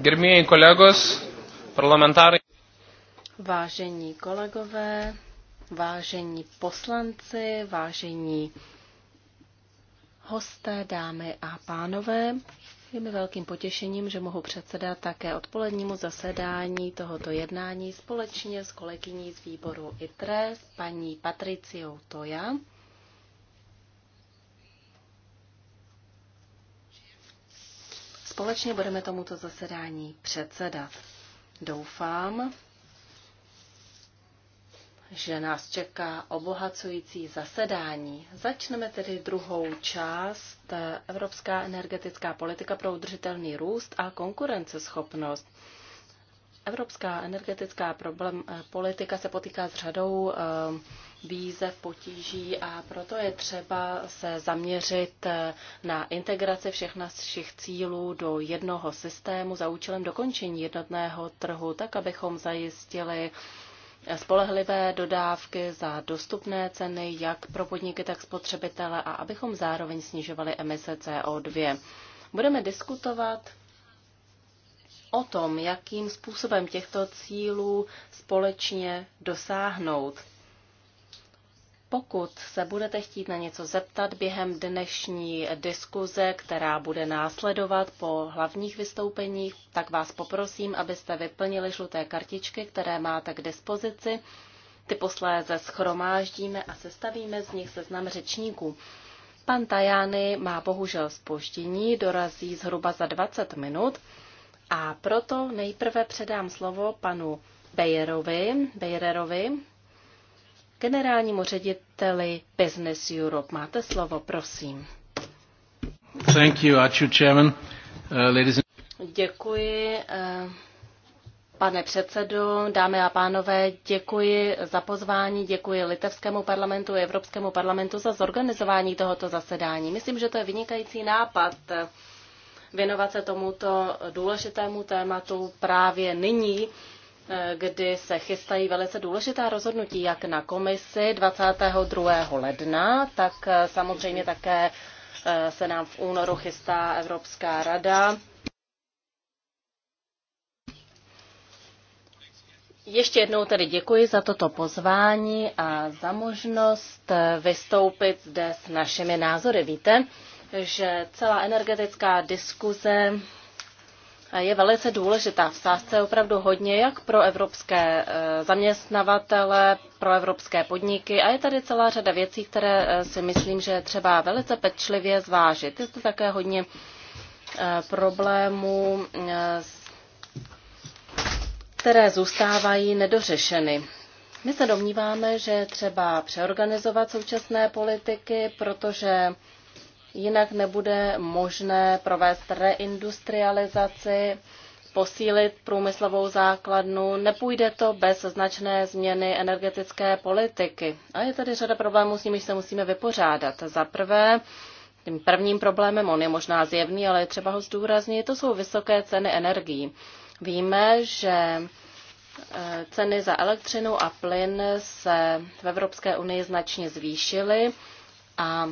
Gerbėjai kolegos, parlamentarai. Vážení kolegové, vážení poslanci, vážení hosté, dámy a pánové, je mi velkým potěšením, že mohu předsedat také odpolednímu zasedání tohoto jednání společně s kolegyní z výboru ITRE, paní Patriciou Toja Společně budeme tomuto zasedání předsedat. Doufám, že nás čeká obohacující zasedání. Začneme tedy druhou část eh, Evropská energetická politika pro udržitelný růst a konkurenceschopnost. Evropská energetická problém, eh, politika se potýká s řadou eh, výzev, potíží a proto je třeba se zaměřit eh, na integraci všech našich cílů do jednoho systému za účelem dokončení jednotného trhu, tak abychom zajistili spolehlivé dodávky za dostupné ceny jak pro podniky, tak spotřebitele a abychom zároveň snižovali emise CO2. Budeme diskutovat o tom, jakým způsobem těchto cílů společně dosáhnout. Pokud se budete chtít na něco zeptat během dnešní diskuze, která bude následovat po hlavních vystoupeních, tak vás poprosím, abyste vyplnili žluté kartičky, které máte k dispozici. Ty posléze schromáždíme a sestavíme z nich seznam řečníků. Pan Tajány má bohužel spoždění, dorazí zhruba za 20 minut a proto nejprve předám slovo panu Bejerovi, Bejererovi, generálnímu řediteli Business Europe. Máte slovo, prosím. Thank you, Archie Chairman. Uh, and... Děkuji. Uh... Pane předsedo, dámy a pánové, děkuji za pozvání, děkuji Litevskému parlamentu i Evropskému parlamentu za zorganizování tohoto zasedání. Myslím, že to je vynikající nápad eh, věnovat se tomuto důležitému tématu právě nyní, kdy se chystají velice důležitá rozhodnutí jak na komisi 22. ledna, tak eh, samozřejmě také eh, se nám v únoru chystá Evropská rada. Ještě jednou tedy děkuji za toto pozvání a za možnost eh, vystoupit zde s našimi názory. Víte, že celá energetická diskuze je velice důležitá. V sázce je opravdu hodně jak pro evropské eh, zaměstnavatele, pro evropské podniky a je tady celá řada věcí, které eh, si myslím, že je třeba velice pečlivě zvážit. Je to také hodně eh, problémů, které zůstávají nedořešeny. My se domníváme, že třeba přeorganizovat současné politiky, protože Jinak nebude možné provést reindustrializaci, posílit průmyslovou základnu. Nepůjde to bez značné změny energetické politiky. A je tady řada problémů, s nimiž se musíme vypořádat. Za prvé, tím prvním problémem, on je možná zjevný, ale je třeba ho zdůraznit, to jsou vysoké ceny energií. Víme, že eh, ceny za elektřinu a plyn se v Evropské unii značně zvýšily a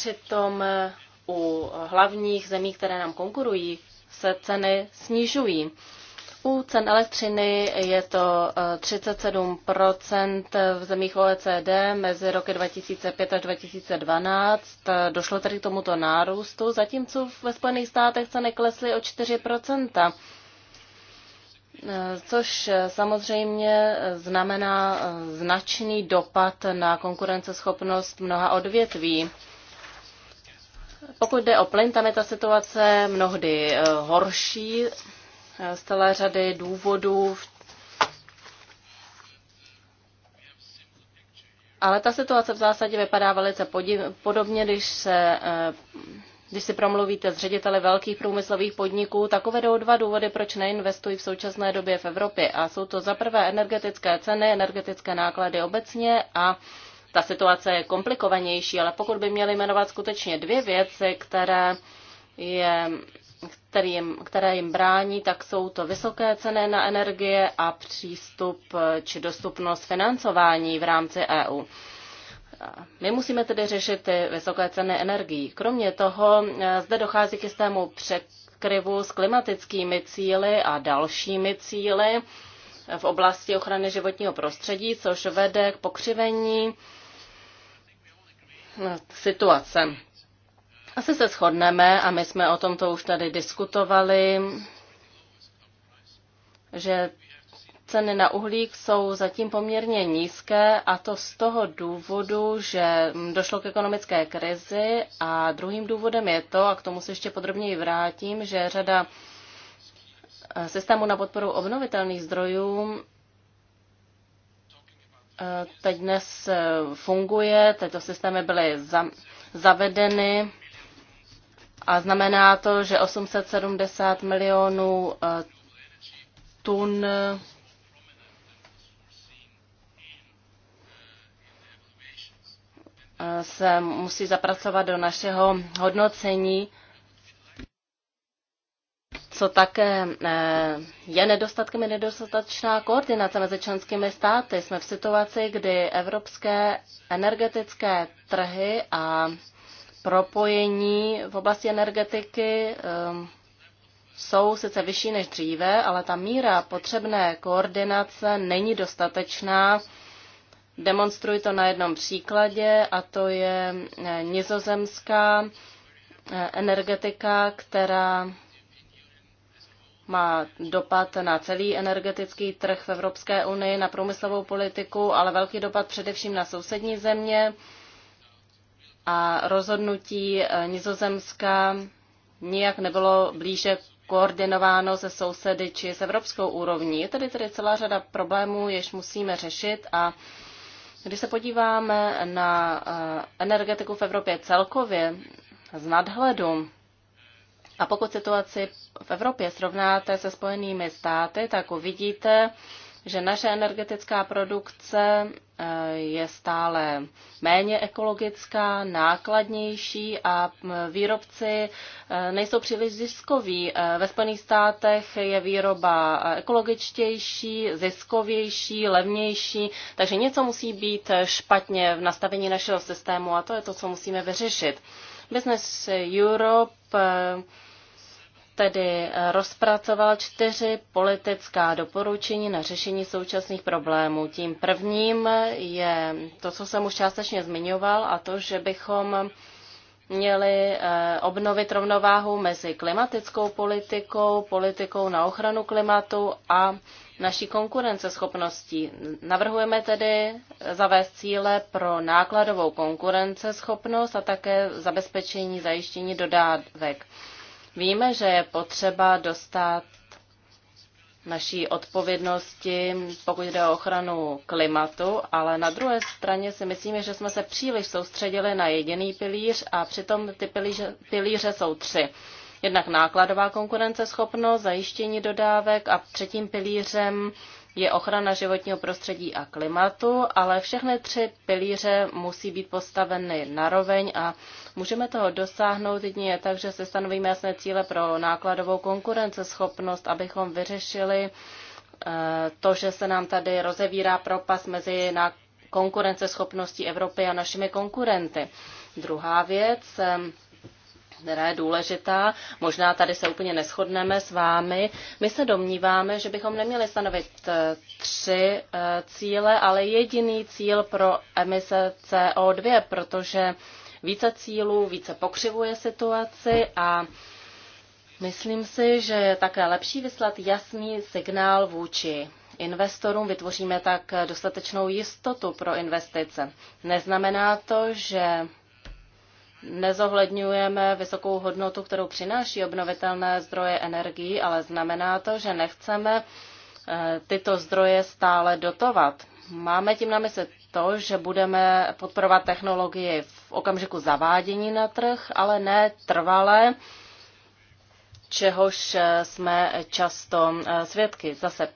Přitom eh, u hlavních zemí, které nám konkurují, se ceny snižují. U cen elektřiny je to 37 eh, v zemích OECD mezi roky 2005 až 2012. Eh, došlo tedy k tomuto nárůstu, zatímco ve Spojených státech ceny klesly o 4 což samozřejmě znamená značný dopad na konkurenceschopnost mnoha odvětví. Pokud jde o plyn, tam je ta situace mnohdy eh, horší z celé řady důvodů. Ale ta situace v zásadě vypadá velice podobně, když se eh, když si promluvíte s řediteli velkých průmyslových podniků, Takové jdou dva důvody, proč neinvestují v současné době v Evropě. A jsou to za prvé energetické ceny, energetické náklady obecně a ta situace je komplikovanější, ale pokud by měli jmenovat skutečně dvě věci, které, je, které, jim, které jim brání, tak jsou to vysoké ceny na energie a přístup či dostupnost financování v rámci EU. My musíme tedy řešit ty vysoké ceny energií. Kromě toho eh, zde dochází k jistému překryvu s klimatickými cíly a dalšími cíly v oblasti ochrany životního prostředí, což vede k pokřivení situace. Asi se shodneme, a my jsme o tomto už tady diskutovali, že ceny na uhlík jsou zatím poměrně nízké a to z toho důvodu, že došlo k ekonomické krizi a druhým důvodem je to, a k tomu se ještě podrobněji vrátím, že řada systému na podporu obnovitelných zdrojů Eh, teď dnes eh, funguje, tyto systémy byly za, zavedeny a znamená to, že 870 milionů eh, tun se musí zapracovat do našeho hodnocení co také eh, je nedostatkem, je nedostatečná koordinace mezi členskými státy. Jsme v situaci, kdy evropské energetické trhy a propojení v oblasti energetiky eh, jsou sice vyšší než dříve, ale ta míra potřebné koordinace není dostatečná. Demonstruji to na jednom příkladě, a to je eh, nizozemská energetika, která má dopad na celý energetický trh v Evropské unii, na průmyslovou politiku, ale velký dopad především na sousední země a rozhodnutí eh, Nizozemska nijak nebylo blíže koordinováno se sousedy či s evropskou úrovní. Je tady tedy celá řada problémů, jež musíme řešit a když se podíváme na eh, energetiku v Evropě celkově z nadhledu, a pokud situaci v Evropě srovnáte se Spojenými státy, tak uvidíte, že naše energetická produkce eh, je stále méně ekologická, nákladnější a výrobci eh, nejsou příliš ziskoví. Eh, ve Spojených státech je výroba ekologičtější, ziskovější, levnější, takže něco musí být špatně v nastavení našeho systému a to je to, co musíme vyřešit. Business Europe tedy eh, rozpracoval čtyři politická doporučení na řešení současných problémů. Tím prvním je to, co jsem už částečně zmiňoval, a to, že bychom měli eh, obnovit rovnováhu mezi klimatickou politikou, politikou na ochranu klimatu a naší konkurenceschopností. Navrhujeme tedy eh, zavést cíle pro nákladovou konkurenceschopnost a také zabezpečení zajištění dodávek. Víme, že je potřeba dostat naší odpovědnosti, pokud jde o ochranu klimatu, ale na druhé straně si myslíme, že jsme se příliš soustředili na jediný pilíř a přitom ty pilíře, pilíře jsou tři. Jednak nákladová konkurenceschopnost, zajištění dodávek a třetím pilířem je ochrana životního prostředí a klimatu, ale všechny tři pilíře musí být postaveny naroveň a můžeme toho dosáhnout jedině tak, že se stanovíme jasné cíle pro nákladovou konkurenceschopnost, abychom vyřešili eh, to, že se nám tady rozevírá propas mezi konkurenceschopností Evropy a našimi konkurenty. Druhá věc, eh, která je důležitá. Možná tady se úplně neschodneme s vámi. My se domníváme, že bychom neměli stanovit eh, tři eh, cíle, ale jediný cíl pro emise CO2, protože více cílů více pokřivuje situaci a myslím si, že je také lepší vyslat jasný signál vůči investorům, vytvoříme tak dostatečnou jistotu pro investice. Neznamená to, že nezohledňujeme vysokou hodnotu, kterou přináší obnovitelné zdroje energií, ale znamená to, že nechceme eh, tyto zdroje stále dotovat. Máme tím na mysli to, že budeme podporovat technologii v okamžiku zavádění na trh, ale ne trvale, čehož eh, jsme často eh, svědky. Zase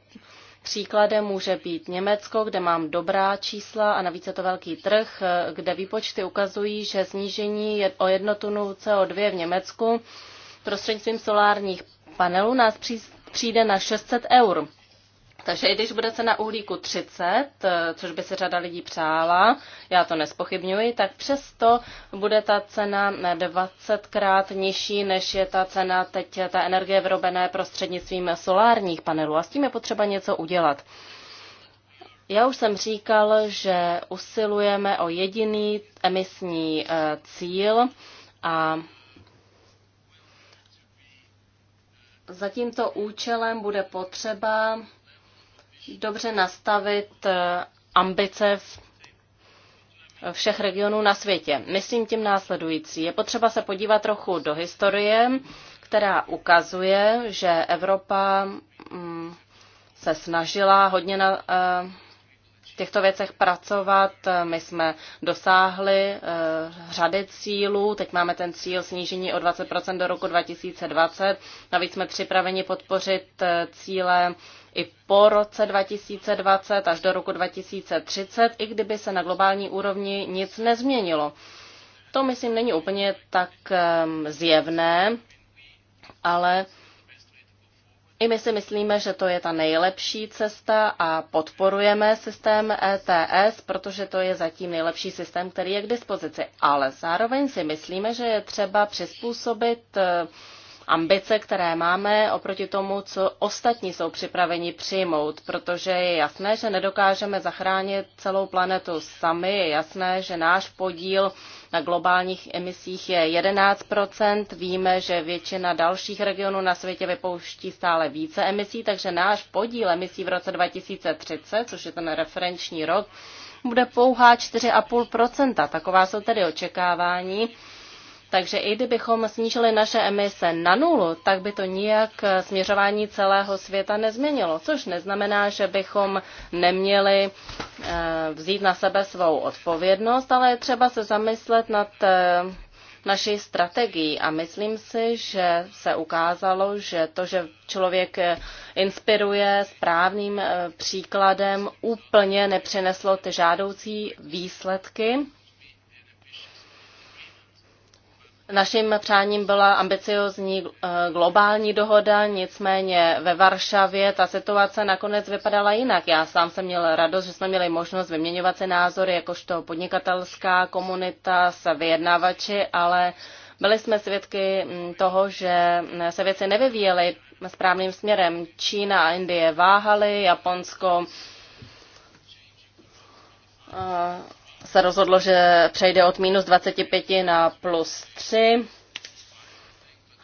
Příkladem může být Německo, kde mám dobrá čísla a navíc je to velký trh, kde výpočty ukazují, že snížení o jednotunu CO2 v Německu prostřednictvím solárních panelů nás přijde na 600 eur. Takže i když bude cena uhlíku 30, eh, což by se řada lidí přála, já to nespochybňuji, tak přesto bude ta cena 20krát nižší, než je ta cena teď eh, ta energie vyrobené prostřednictvím solárních panelů. A s tím je potřeba něco udělat. Já už jsem říkal, že usilujeme o jediný emisní eh, cíl a za tímto účelem bude potřeba dobře nastavit eh, ambice v všech regionů na světě. Myslím tím následující. Je potřeba se podívat trochu do historie, která ukazuje, že Evropa mm, se snažila hodně na, eh, těchto věcech pracovat. My jsme dosáhli eh, řady cílů. Teď máme ten cíl snížení o 20 do roku 2020. Navíc jsme připraveni podpořit eh, cíle i po roce 2020 až do roku 2030, i kdyby se na globální úrovni nic nezměnilo. To, myslím, není úplně tak ehm, zjevné, ale i my si myslíme, že to je ta nejlepší cesta a podporujeme systém ETS, protože to je zatím nejlepší systém, který je k dispozici. Ale zároveň si myslíme, že je třeba přizpůsobit eh, ambice, které máme oproti tomu, co ostatní jsou připraveni přijmout, protože je jasné, že nedokážeme zachránit celou planetu sami, je jasné, že náš podíl na globálních emisích je 11 víme, že většina dalších regionů na světě vypouští stále více emisí, takže náš podíl emisí v roce 2030, což je ten referenční rok, bude pouhá 4,5 Taková jsou tedy očekávání takže i kdybychom snížili naše emise na nulu, tak by to nijak eh, směřování celého světa nezměnilo, což neznamená, že bychom neměli eh, vzít na sebe svou odpovědnost, ale je třeba se zamyslet nad eh, naší strategií a myslím si, že se ukázalo, že to, že člověk inspiruje správným příkladem, úplně nepřineslo ty žádoucí výsledky. Naším přáním byla ambiciozní eh, globální dohoda, nicméně ve Varšavě ta situace nakonec vypadala jinak. Já sám jsem měl radost, že jsme měli možnost vyměňovat si názory jakožto podnikatelská komunita s vyjednávači, ale byli jsme svědky mm, toho, že mm, se věci nevyvíjely správným směrem. Čína a Indie váhaly, Japonsko uh, se rozhodlo, že přejde od minus 25 na plus 3,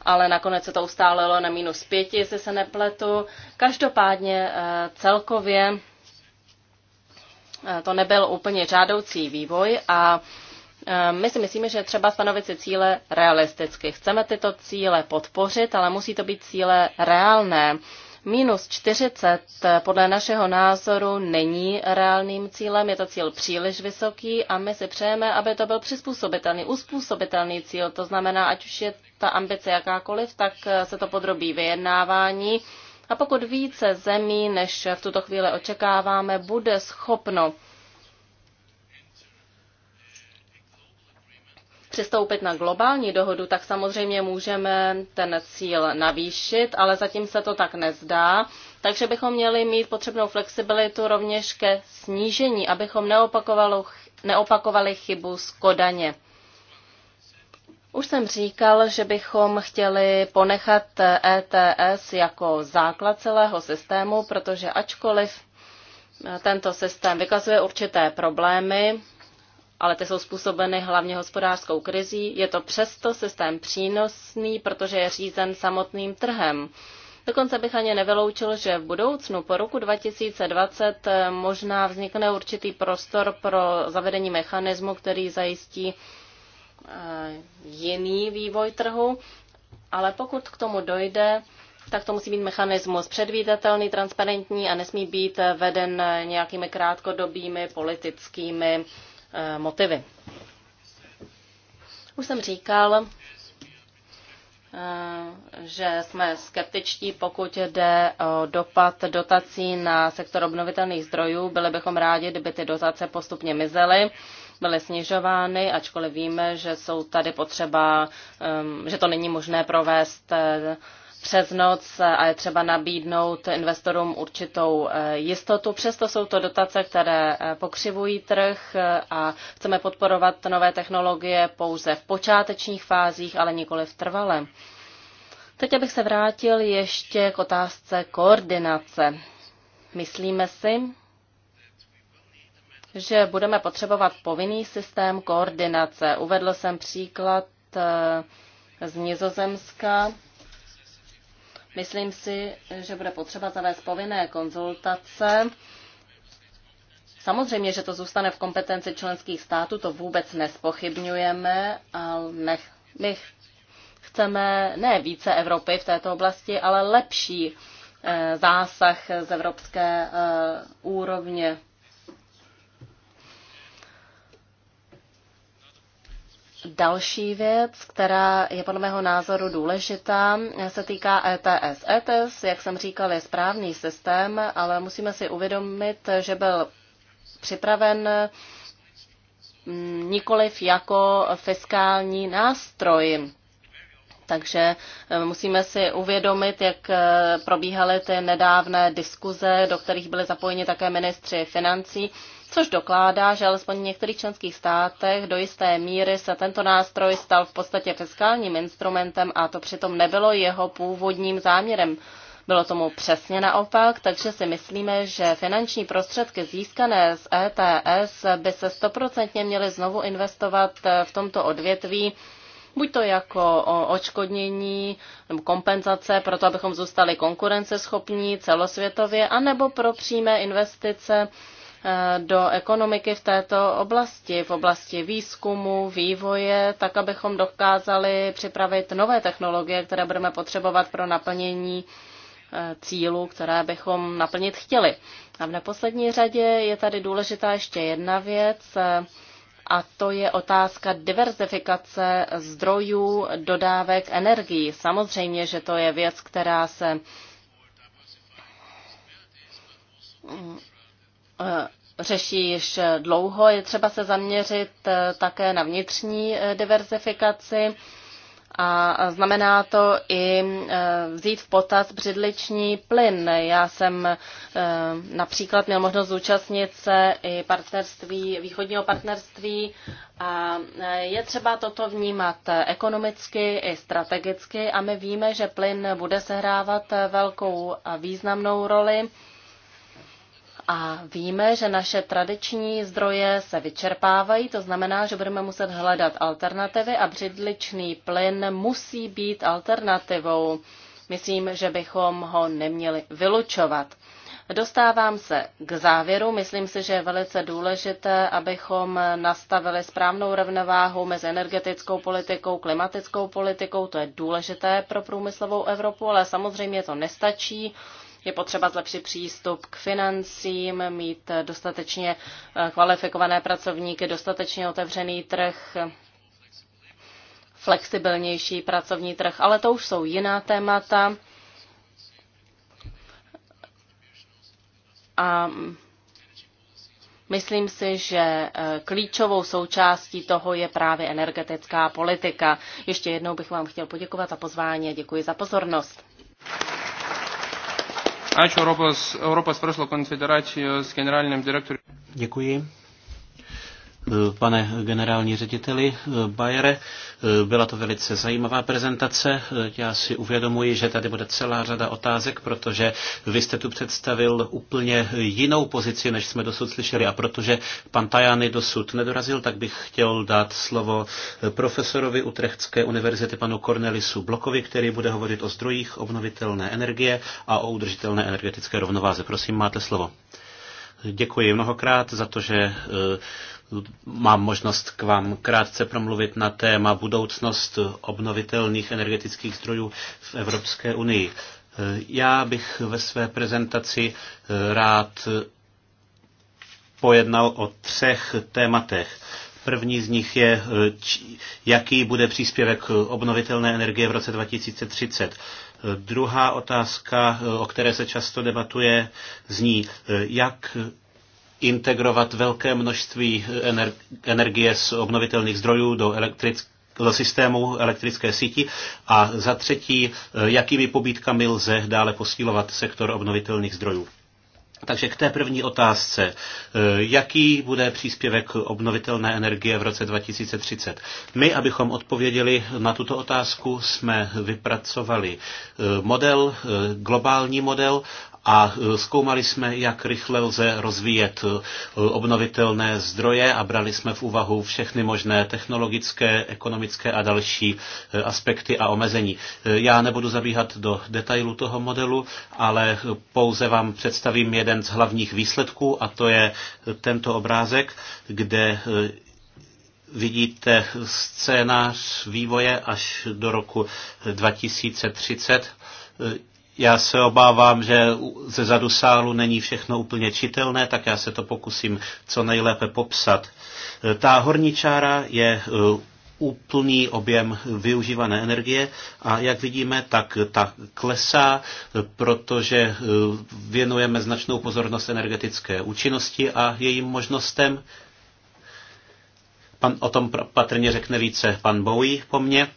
ale nakonec se to ustálilo na minus 5, jestli se nepletu. Každopádně eh, celkově eh, to nebyl úplně žádoucí vývoj a eh, my si myslíme, že třeba stanovit si cíle realisticky. Chceme tyto cíle podpořit, ale musí to být cíle reálné. Minus 40 eh, podle našeho názoru není reálným cílem, je to cíl příliš vysoký a my si přejeme, aby to byl přizpůsobitelný, uspůsobitelný cíl. To znamená, ať už je ta ambice jakákoliv, tak eh, se to podrobí vyjednávání. A pokud více zemí, než v tuto chvíli očekáváme, bude schopno přistoupit na globální dohodu, tak samozřejmě můžeme ten cíl navýšit, ale zatím se to tak nezdá. Takže bychom měli mít potřebnou flexibilitu rovněž ke snížení, abychom neopakovali, chybu z Kodaně. Už jsem říkal, že bychom chtěli ponechat ETS jako základ celého systému, protože ačkoliv tento systém vykazuje určité problémy, ale ty jsou způsobeny hlavně hospodářskou krizí. Je to přesto systém přínosný, protože je řízen samotným trhem. Dokonce bych ani nevyloučil, že v budoucnu po roku 2020 eh, možná vznikne určitý prostor pro zavedení mechanismu, který zajistí eh, jiný vývoj trhu, ale pokud k tomu dojde, tak to musí být mechanismus předvídatelný, transparentní a nesmí být veden nějakými krátkodobými politickými Eh, motivy. Už jsem říkal, eh, že jsme skeptičtí, pokud jde o dopad dotací na sektor obnovitelných zdrojů. Byli bychom rádi, kdyby ty dotace postupně mizely, byly snižovány, ačkoliv víme, že jsou tady potřeba, eh, že to není možné provést přes noc a je třeba nabídnout investorům určitou eh, jistotu. Přesto jsou to dotace, které eh, pokřivují trh eh, a chceme podporovat nové technologie pouze v počátečních fázích, ale nikoli v trvale. Teď abych se vrátil ještě k otázce koordinace. Myslíme si, že budeme potřebovat povinný systém koordinace. Uvedl jsem příklad z Nizozemska, Myslím si, že bude potřeba zavést povinné konzultace. Samozřejmě, že to zůstane v kompetenci členských států, to vůbec nespochybňujeme, ale nech, my chceme ne více Evropy v této oblasti, ale lepší eh, zásah z evropské eh, úrovně. Další věc, která je podle mého názoru důležitá, se týká ETS. ETS, jak jsem říkal, je správný systém, ale musíme si uvědomit, že byl připraven mm, nikoliv jako fiskální nástroj. Takže e, musíme si uvědomit, jak e, probíhaly ty nedávné diskuze, do kterých byly zapojeni také ministři financí což dokládá, že alespoň v některých členských státech do jisté míry se tento nástroj stal v podstatě fiskálním instrumentem a to přitom nebylo jeho původním záměrem. Bylo tomu přesně naopak, takže si myslíme, že finanční prostředky získané z ETS by se stoprocentně měly znovu investovat v tomto odvětví, buď to jako očkodnění nebo kompenzace pro to, abychom zůstali konkurenceschopní celosvětově, anebo pro přímé investice Eh, do ekonomiky v této oblasti, v oblasti výzkumu, vývoje, tak abychom dokázali připravit nové technologie, které budeme potřebovat pro naplnění eh, cílů, které bychom naplnit chtěli. A v neposlední řadě je tady důležitá ještě jedna věc, eh, a to je otázka diverzifikace zdrojů dodávek energií. Samozřejmě, že to je věc, která se Eh, řeší již dlouho. Je třeba se zaměřit eh, také na vnitřní eh, diverzifikaci a znamená to i vzít v potaz břidliční plyn. Já jsem například měl možnost zúčastnit se i partnerství, východního partnerství a je třeba toto vnímat ekonomicky i strategicky a my víme, že plyn bude sehrávat velkou a významnou roli a víme, že naše tradiční zdroje se vyčerpávají, to znamená, že budeme muset hledat alternativy a břidličný plyn musí být alternativou. Myslím, že bychom ho neměli vylučovat. Dostávám se k závěru. Myslím si, že je velice důležité, abychom nastavili správnou rovnováhu mezi energetickou politikou, klimatickou politikou. To je důležité pro průmyslovou Evropu, ale samozřejmě to nestačí. Je potřeba zlepšit přístup k financím, mít dostatečně eh, kvalifikované pracovníky, dostatečně otevřený trh, flexibilnější pracovní trh, ale to už jsou jiná témata. A Myslím si, že eh, klíčovou součástí toho je právě energetická politika. Ještě jednou bych vám chtěl poděkovat za pozvání a děkuji za pozornost. Ačiū Europos, Europos verslo konfederacijos generaliniam direktoriui. Děkuji. Eh, pane generální řediteli eh, Bayere, eh, byla to velice zajímavá prezentace. Já si uvědomuji, že tady bude celá řada otázek, protože vy jste tu představil úplně jinou pozici, než jsme dosud slyšeli. A protože pan Tajany dosud nedorazil, tak bych chtěl dát slovo profesorovi Utrechtské univerzity panu Cornelisu Blokovi, který bude hovořit o zdrojích obnovitelné energie a o udržitelné energetické rovnováze. Prosím, máte slovo. Děkuji mnohokrát za to, že mám možnost k vám krátce promluvit na téma budoucnost obnovitelných energetických zdrojů v Evropské unii. Já bych ve své prezentaci rád pojednal o třech tématech. První z nich je, jaký bude příspěvek obnovitelné energie v roce 2030. Druhá otázka, o které se často debatuje, zní, jak integrovat velké množství energie z obnovitelných zdrojů do elektrických do systému elektrické síti a za třetí, eh, jakými pobídkami lze dále posílovat sektor obnovitelných zdrojů. Takže k té první otázce. Eh, jaký bude příspěvek obnovitelné energie v roce 2030? My, abychom odpověděli na tuto otázku, jsme vypracovali eh, model, globální model a e, zkoumali jsme, jak rychle lze rozvíjet e, obnovitelné zdroje a brali jsme v úvahu všechny možné technologické, ekonomické a další e, aspekty a omezení. Já nebudu zabíhat do detailu toho modelu, ale pouze vám představím jeden z hlavních výsledků a to je tento obrázek, kde vidíte scénář vývoje až do roku 2030 já se obávám, že ze zadu sálu není všechno úplně čitelné, tak já se to pokusím co nejlépe popsat. E, ta horní čára je e, úplný objem využívané energie a jak vidíme, tak ta klesá, e, protože věnujeme značnou pozornost energetické účinnosti a jejím možnostem. Pan, o tom patrně řekne více pan Bowie po mně.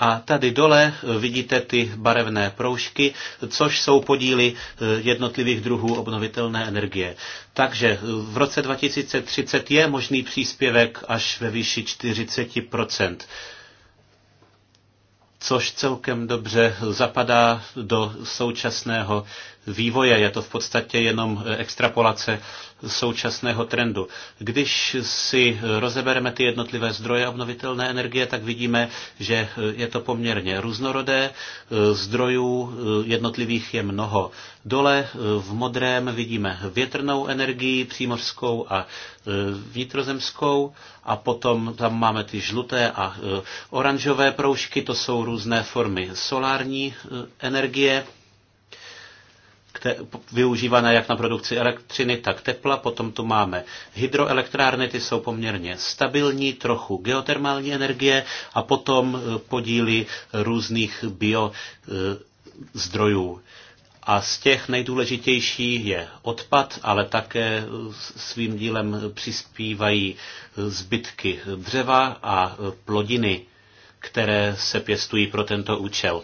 A tady dole eh, vidíte ty barevné proužky, což jsou podíly eh, jednotlivých druhů obnovitelné energie. Takže eh, v roce 2030 je možný příspěvek až ve výši 40 což celkem dobře zapadá do současného vývoje, je to v podstatě jenom eh, extrapolace současného trendu. Když si eh, rozebereme ty jednotlivé zdroje obnovitelné energie, tak vidíme, že eh, je to poměrně různorodé, zdrojů jednotlivých je mnoho. Dole v modrém vidíme větrnou energii, přímořskou a vnitrozemskou a potom tam máme ty žluté a oranžové proužky, to jsou různé formy solární energie využívané jak na produkci elektřiny, tak tepla. Potom tu máme hydroelektrárny, ty jsou poměrně stabilní, trochu geotermální energie a potom e, podíly různých biozdrojů. E, a z těch nejdůležitější je odpad, ale také e, svým dílem přispívají zbytky dřeva a plodiny, které se pěstují pro tento účel.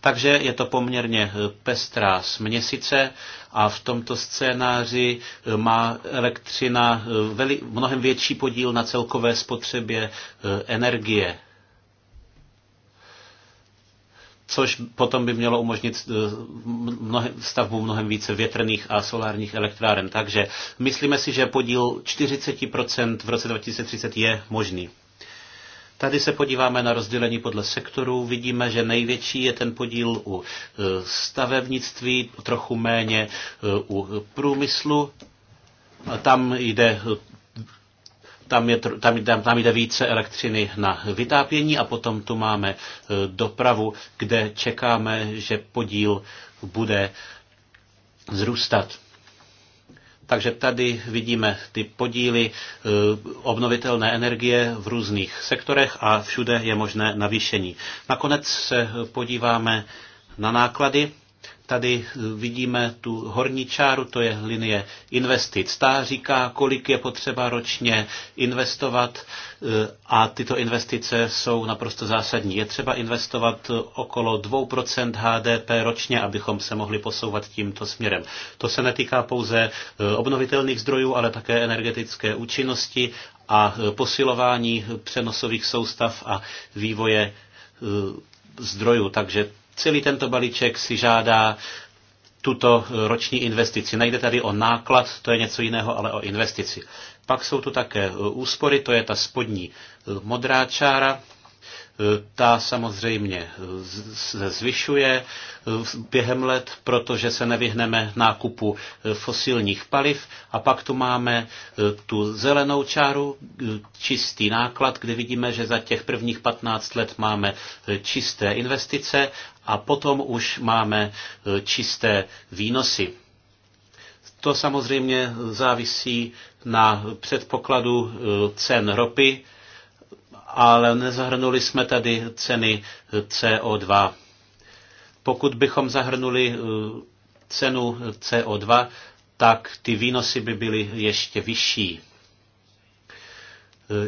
Takže je to poměrně eh, pestrá směsice a v tomto scénáři eh, má elektřina eh, veli, mnohem větší podíl na celkové spotřebě energie což potom by mělo umožnit mnohem, stavbu mnohem více větrných a solárních elektráren. Takže myslíme si, že podíl 40% v roce 2030 je možný. Tady se podíváme na rozdělení podle sektorů. Vidíme, že největší je ten podíl u e, stavebnictví, trochu méně e, u průmyslu. Tam jde e, tam, je, tam, tam jde více elektřiny na vytápění a potom tu máme dopravu, kde čekáme, že podíl bude zrůstat. Takže tady vidíme ty podíly eh, obnovitelné energie v různých sektorech a všude je možné navýšení. Nakonec se podíváme na náklady Tady eh, vidíme tu horní čáru, to je linie investic. Ta říká, kolik je potřeba ročně investovat eh, a tyto investice jsou naprosto zásadní. Je třeba investovat eh, okolo 2% HDP ročně, abychom se mohli posouvat tímto směrem. To se netýká pouze obnovitelných zdrojů, ale také energetické účinnosti a posilování přenosových soustav a vývoje zdrojů. Takže Celý tento balíček si žádá tuto roční investici. Nejde tady o náklad, to je něco jiného, ale o investici. Pak jsou tu také úspory, to je ta spodní modrá čára, ta samozřejmě se zvyšuje eh, během let, protože se nevyhneme nákupu eh, fosilních paliv a pak tu máme eh, tu zelenou čáru, čistý náklad, kde vidíme, že za těch prvních 15 let máme čisté investice a potom už máme čisté výnosy. To samozřejmě závisí na předpokladu cen ropy, ale nezahrnuli jsme tady ceny CO2. Pokud bychom zahrnuli eh, cenu CO2, tak ty výnosy by byly ještě vyšší. Eh,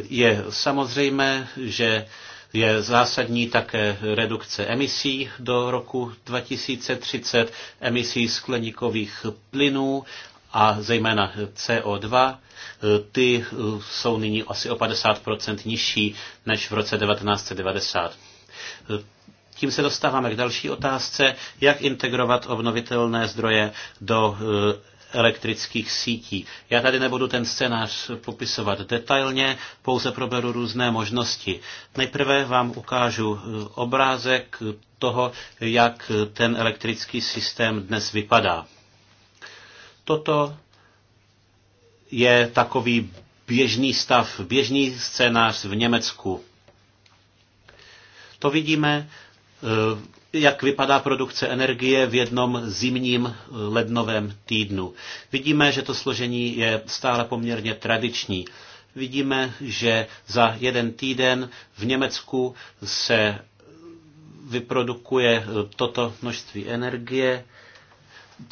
je samozřejmé, že je zásadní také redukce emisí do roku 2030, emisí skleníkových plynů a zejména CO2, ty eh, jsou nyní asi o 50% nižší než v roce 1990. Eh, tím se dostáváme k další otázce, jak integrovat obnovitelné zdroje do eh, elektrických sítí. Já tady nebudu ten scénář popisovat detailně, pouze proberu různé možnosti. Nejprve vám ukážu obrázek toho, jak ten elektrický systém dnes vypadá. Toto je takový běžný stav, běžný scénář v Německu. To vidíme, eh, jak vypadá produkce energie v jednom zimním eh, lednovém týdnu. Vidíme, že to složení je stále poměrně tradiční. Vidíme, že za jeden týden v Německu se vyprodukuje eh, toto množství energie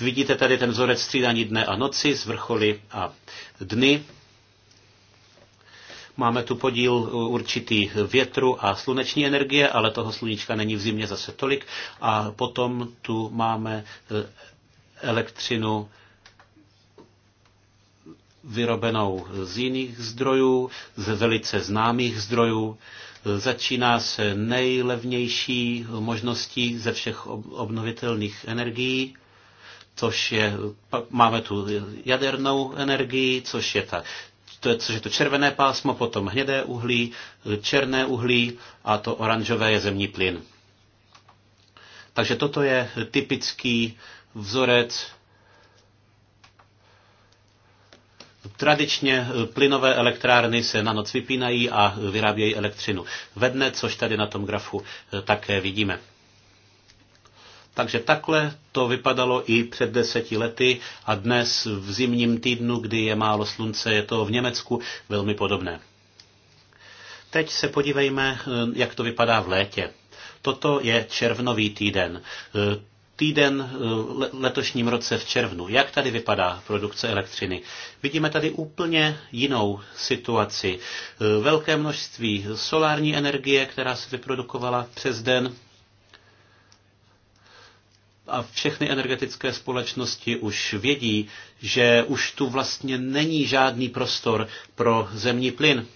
Vidíte tady ten vzorec střídání dne a noci z vrcholy a dny. Máme tu podíl e, určitý větru a sluneční energie, ale toho sluníčka není v zimě zase tolik. A potom tu máme e, elektřinu vyrobenou z jiných zdrojů, ze velice známých zdrojů. Začíná se nejlevnější možností ze všech obnovitelných energií což je, máme tu jadernou energii, což je ta to je, což je to červené pásmo, potom hnědé uhlí, černé uhlí a to oranžové je zemní plyn. Takže toto je typický vzorec Tradičně plynové elektrárny se na noc vypínají a vyrábějí elektřinu ve dne, což tady na tom grafu také vidíme. Takže takhle to vypadalo i před deseti lety a dnes v zimním týdnu, kdy je málo slunce, je to v Německu velmi podobné. Teď se podívejme, eh, jak to vypadá v létě. Toto je červnový týden. Eh, týden eh, letošním roce v červnu. Jak tady vypadá produkce elektřiny? Vidíme tady úplně jinou situaci. Velké množství solární energie, která se vyprodukovala přes den, a všechny energetické společnosti už vědí, že už tu vlastně není žádný prostor pro zemní plyn.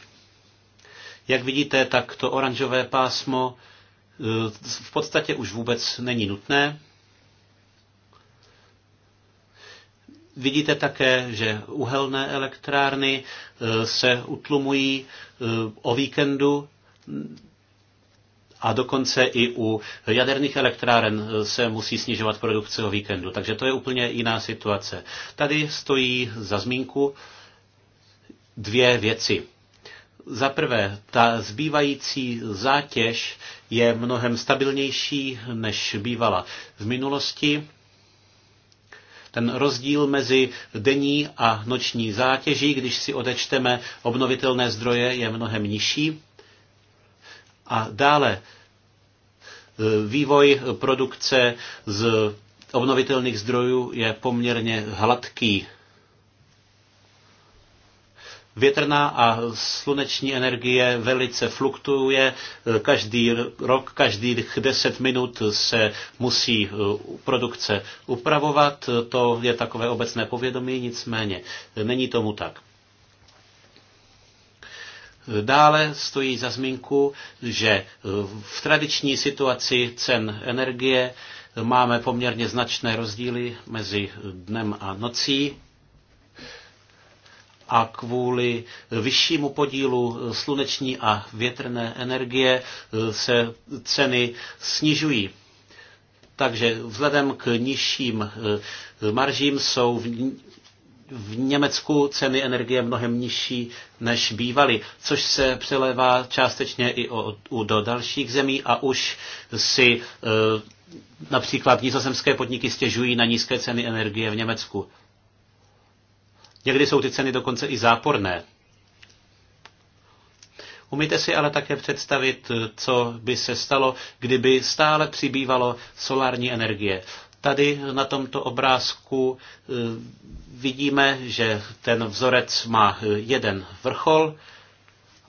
Jak vidíte, tak to oranžové pásmo eh, v podstatě už vůbec není nutné. Vidíte také, že uhelné elektrárny eh, se utlumují eh, o víkendu a dokonce i u jaderných elektráren eh, se musí snižovat produkce o víkendu. Takže to je úplně jiná situace. Tady stojí za zmínku dvě věci. Za prvé, ta zbývající zátěž je mnohem stabilnější, než bývala v minulosti. Ten rozdíl mezi denní a noční zátěží, když si odečteme obnovitelné zdroje, je mnohem nižší. A dále e, vývoj produkce z obnovitelných zdrojů je poměrně hladký. Větrná a sluneční energie velice fluktuje. E, každý rok, každých 10 minut se musí e, produkce upravovat. To je takové obecné povědomí, nicméně není tomu tak. Dále stojí za zmínku, že v tradiční situaci cen energie máme poměrně značné rozdíly mezi dnem a nocí a kvůli vyššímu podílu sluneční a větrné energie se ceny snižují. Takže vzhledem k nižším maržím jsou v Německu ceny energie mnohem nižší než bývaly, což se přelévá částečně i o, u, do dalších zemí a už si e, například nizozemské podniky stěžují na nízké ceny energie v Německu. Někdy jsou ty ceny dokonce i záporné. Umíte si ale také představit, co by se stalo, kdyby stále přibývalo solární energie. Tady na tomto obrázku e, vidíme, že ten vzorec má jeden vrchol,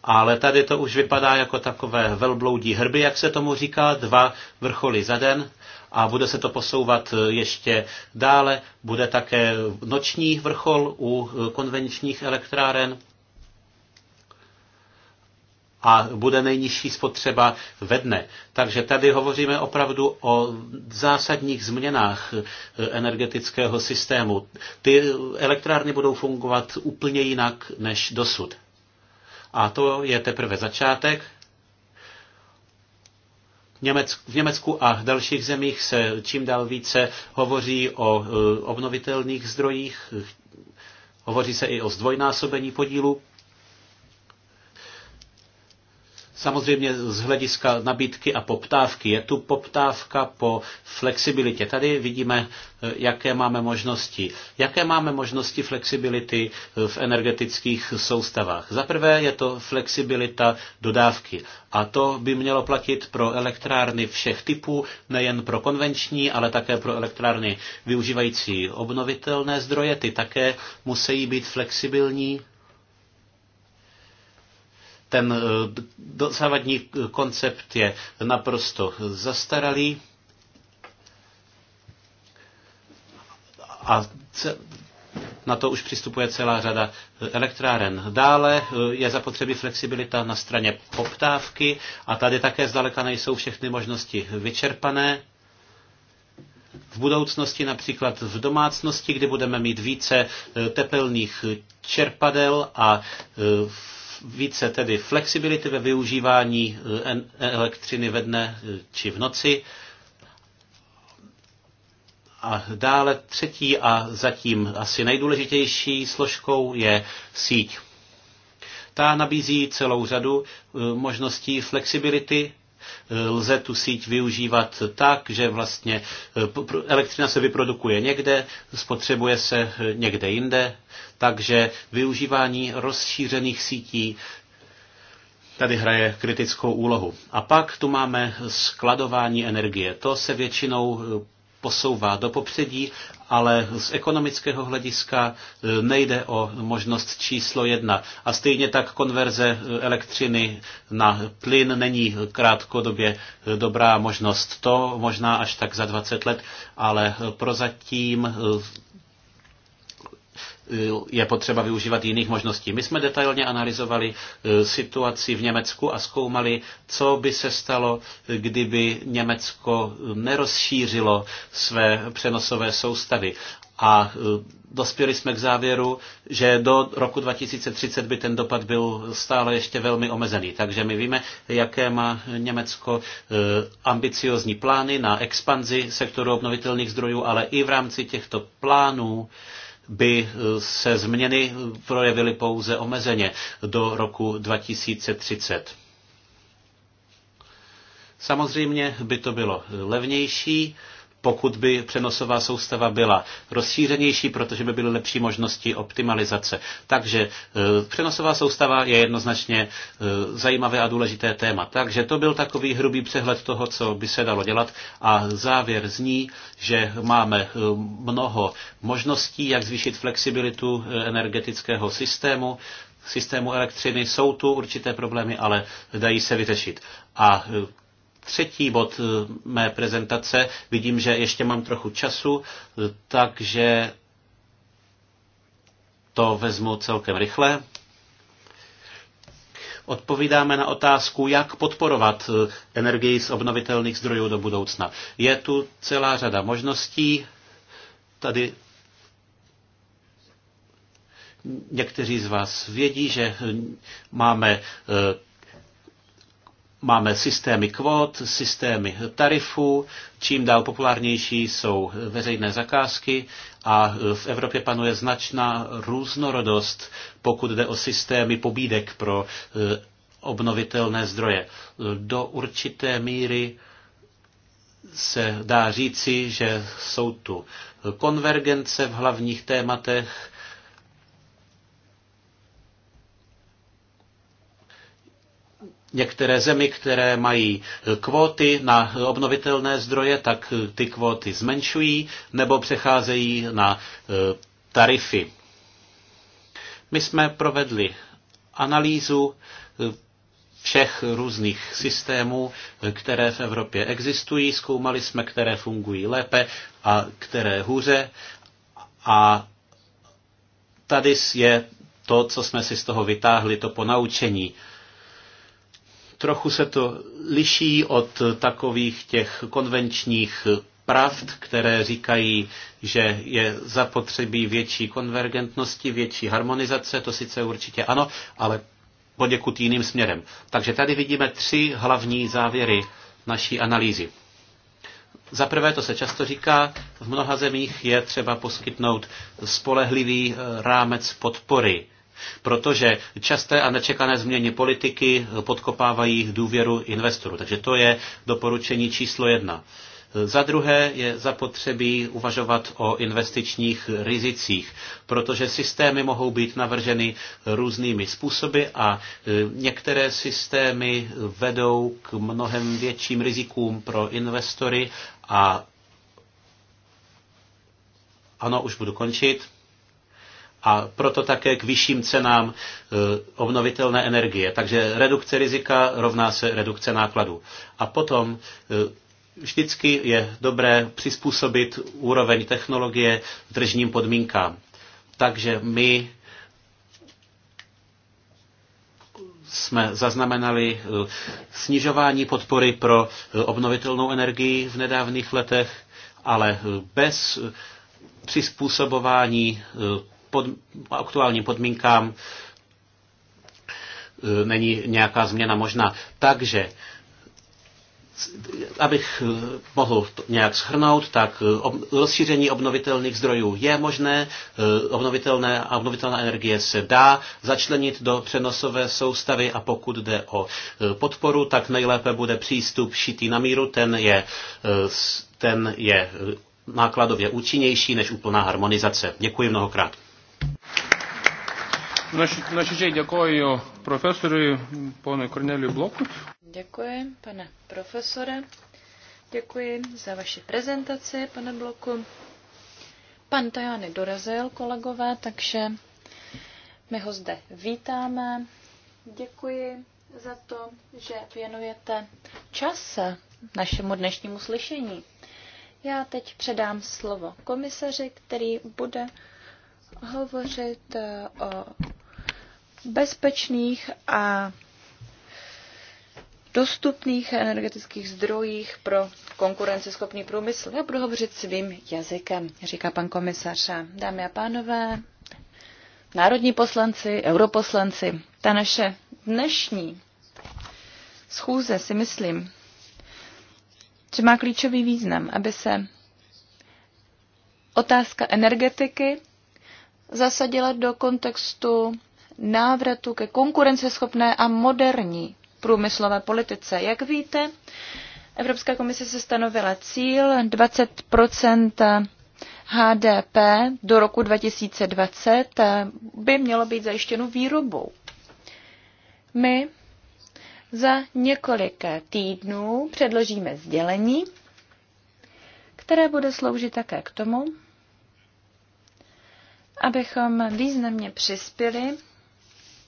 ale tady to už vypadá jako takové velbloudí hrby, jak se tomu říká, dva vrcholy za den a bude se to posouvat e, ještě dále. Bude také noční vrchol u e, konvenčních elektráren a bude nejnižší spotřeba ve dne. Takže tady hovoříme opravdu o zásadních změnách eh, energetického systému. Ty elektrárny budou fungovat úplně jinak než dosud. A to je teprve začátek. V Německu a dalších zemích se čím dál více hovoří o eh, obnovitelných zdrojích, eh, hovoří se i o zdvojnásobení podílu Samozřejmě z hlediska nabídky a poptávky. Je tu poptávka po flexibilitě. Tady vidíme, eh, jaké máme možnosti. Jaké máme možnosti flexibility eh, v energetických soustavách? Za prvé je to flexibilita dodávky. A to by mělo platit pro elektrárny všech typů, nejen pro konvenční, ale také pro elektrárny využívající obnovitelné zdroje. Ty také musí být flexibilní ten eh, dosávadní koncept je naprosto zastaralý a na to už přistupuje celá řada eh, elektráren. Dále eh, je zapotřebí flexibilita na straně poptávky a tady také zdaleka nejsou všechny možnosti vyčerpané. V budoucnosti například v domácnosti, kdy budeme mít více tepelných čerpadel a v více tedy flexibility ve využívání eh, elektřiny ve dne eh, či v noci. A dále třetí a zatím asi nejdůležitější složkou je síť. Ta nabízí celou řadu eh, možností flexibility Eh, lze tu síť využívat tak, že vlastně eh, elektřina se vyprodukuje někde, spotřebuje se eh, někde jinde, takže využívání rozšířených sítí tady hraje kritickou úlohu. A pak tu máme skladování energie. To se většinou posouvá do popředí, ale z ekonomického hlediska e, nejde o možnost číslo jedna. A stejně tak konverze e, elektřiny na plyn není krátkodobě e, dobrá možnost. To možná až tak za 20 let, ale prozatím je potřeba využívat jiných možností. My jsme detailně analyzovali e, situaci v Německu a zkoumali, co by se stalo, e, kdyby Německo e, nerozšířilo své přenosové soustavy. A dospěli jsme k závěru, že do roku 2030 by ten dopad byl stále ještě velmi omezený. Takže my víme, jaké má Německo ambiciozní plány na expanzi sektoru obnovitelných zdrojů, ale i v rámci těchto plánů by eh, se změny projevily pouze omezeně do roku 2030. Samozřejmě by to bylo levnější, pokud by přenosová soustava byla rozšířenější, protože by byly lepší možnosti optimalizace. Takže e, přenosová soustava je jednoznačně e, zajímavé a důležité téma. Takže to byl takový hrubý přehled toho, co by se dalo dělat a závěr zní, že máme e, mnoho možností, jak zvýšit flexibilitu energetického systému, systému elektřiny. Jsou tu určité problémy, ale dají se vyřešit. A třetí bod eh, mé prezentace. Vidím, že ještě mám trochu času, eh, takže to vezmu celkem rychle. Odpovídáme na otázku, jak podporovat eh, energii z obnovitelných zdrojů do budoucna. Je tu celá řada možností. Tady Někteří z vás vědí, že máme Máme systémy kvót, systémy tarifů, čím dál populárnější jsou veřejné zakázky a v Evropě panuje značná různorodost, pokud jde o systémy pobídek pro eh, obnovitelné zdroje. Do určité míry se dá říci, že jsou tu konvergence v hlavních tématech, některé zemi, které mají kvóty na obnovitelné zdroje, tak ty kvóty zmenšují nebo přecházejí na e, tarify. My jsme provedli analýzu e, všech různých systémů, e, které v Evropě existují. Zkoumali jsme, které fungují lépe a které hůře. A tady je to, co jsme si z toho vytáhli, to ponaučení. naučení Trochu se to liší od takových těch konvenčních pravd, které říkají, že je zapotřebí větší konvergentnosti, větší harmonizace, to sice určitě ano, ale poděkud jiným směrem. Takže tady vidíme tři hlavní závěry naší analýzy. Za prvé, to se často říká, v mnoha zemích je třeba poskytnout spolehlivý eh, rámec podpory protože časté a nečekané změny politiky podkopávají důvěru investorů. Takže to je doporučení číslo jedna. Za druhé je zapotřebí uvažovat o investičních rizicích, protože systémy mohou být navrženy různými způsoby a e, některé systémy vedou k mnohem větším rizikům pro investory a ano, už budu končit a proto také k vyšším cenám e, obnovitelné energie. Takže redukce rizika rovná se redukce nákladů. A potom e, vždycky je dobré přizpůsobit úroveň technologie tržním podmínkám. Takže my jsme zaznamenali e, snižování podpory pro obnovitelnou energii v nedávných letech, ale bez přizpůsobování pod, aktuálním podmínkám e, není nějaká změna možná. Takže abych e, mohl nějak shrnout, tak e, rozšíření obnovitelných zdrojů je možné, obnovitelné a obnovitelná energie se dá začlenit do přenosové soustavy a pokud jde o podporu, tak nejlépe bude přístup šitý na míru, ten je, ten je nákladově účinnější než úplná harmonizace. Děkuji mnohokrát. Našičej děkuji profesoru panu Korneliu Bloku. Děkuji, pane profesore. Děkuji za vaši prezentaci, pane Bloku. Pan Tajany dorazil, kolegové, takže my ho zde vítáme. Děkuji za to, že věnujete čas našemu dnešnímu slyšení. Já teď předám slovo komisaři, který bude hovořit eh, o bezpečných a dostupných energetických zdrojích pro konkurenceschopný průmysl. Já budu hovořit svým jazykem, říká pan komisař. Dámy a pánové, národní poslanci, europoslanci, ta naše dnešní schůze si myslím, že má klíčový význam, aby se otázka energetiky zasadila do kontextu návratu ke konkurenceschopné a moderní průmyslové politice. Jak víte, Evropská komise se stanovila cíl 20 HDP do roku 2020 eh, by mělo být zajištěno výrobou. My za několik týdnů předložíme sdělení, které bude sloužit také k tomu, abychom významně přispěli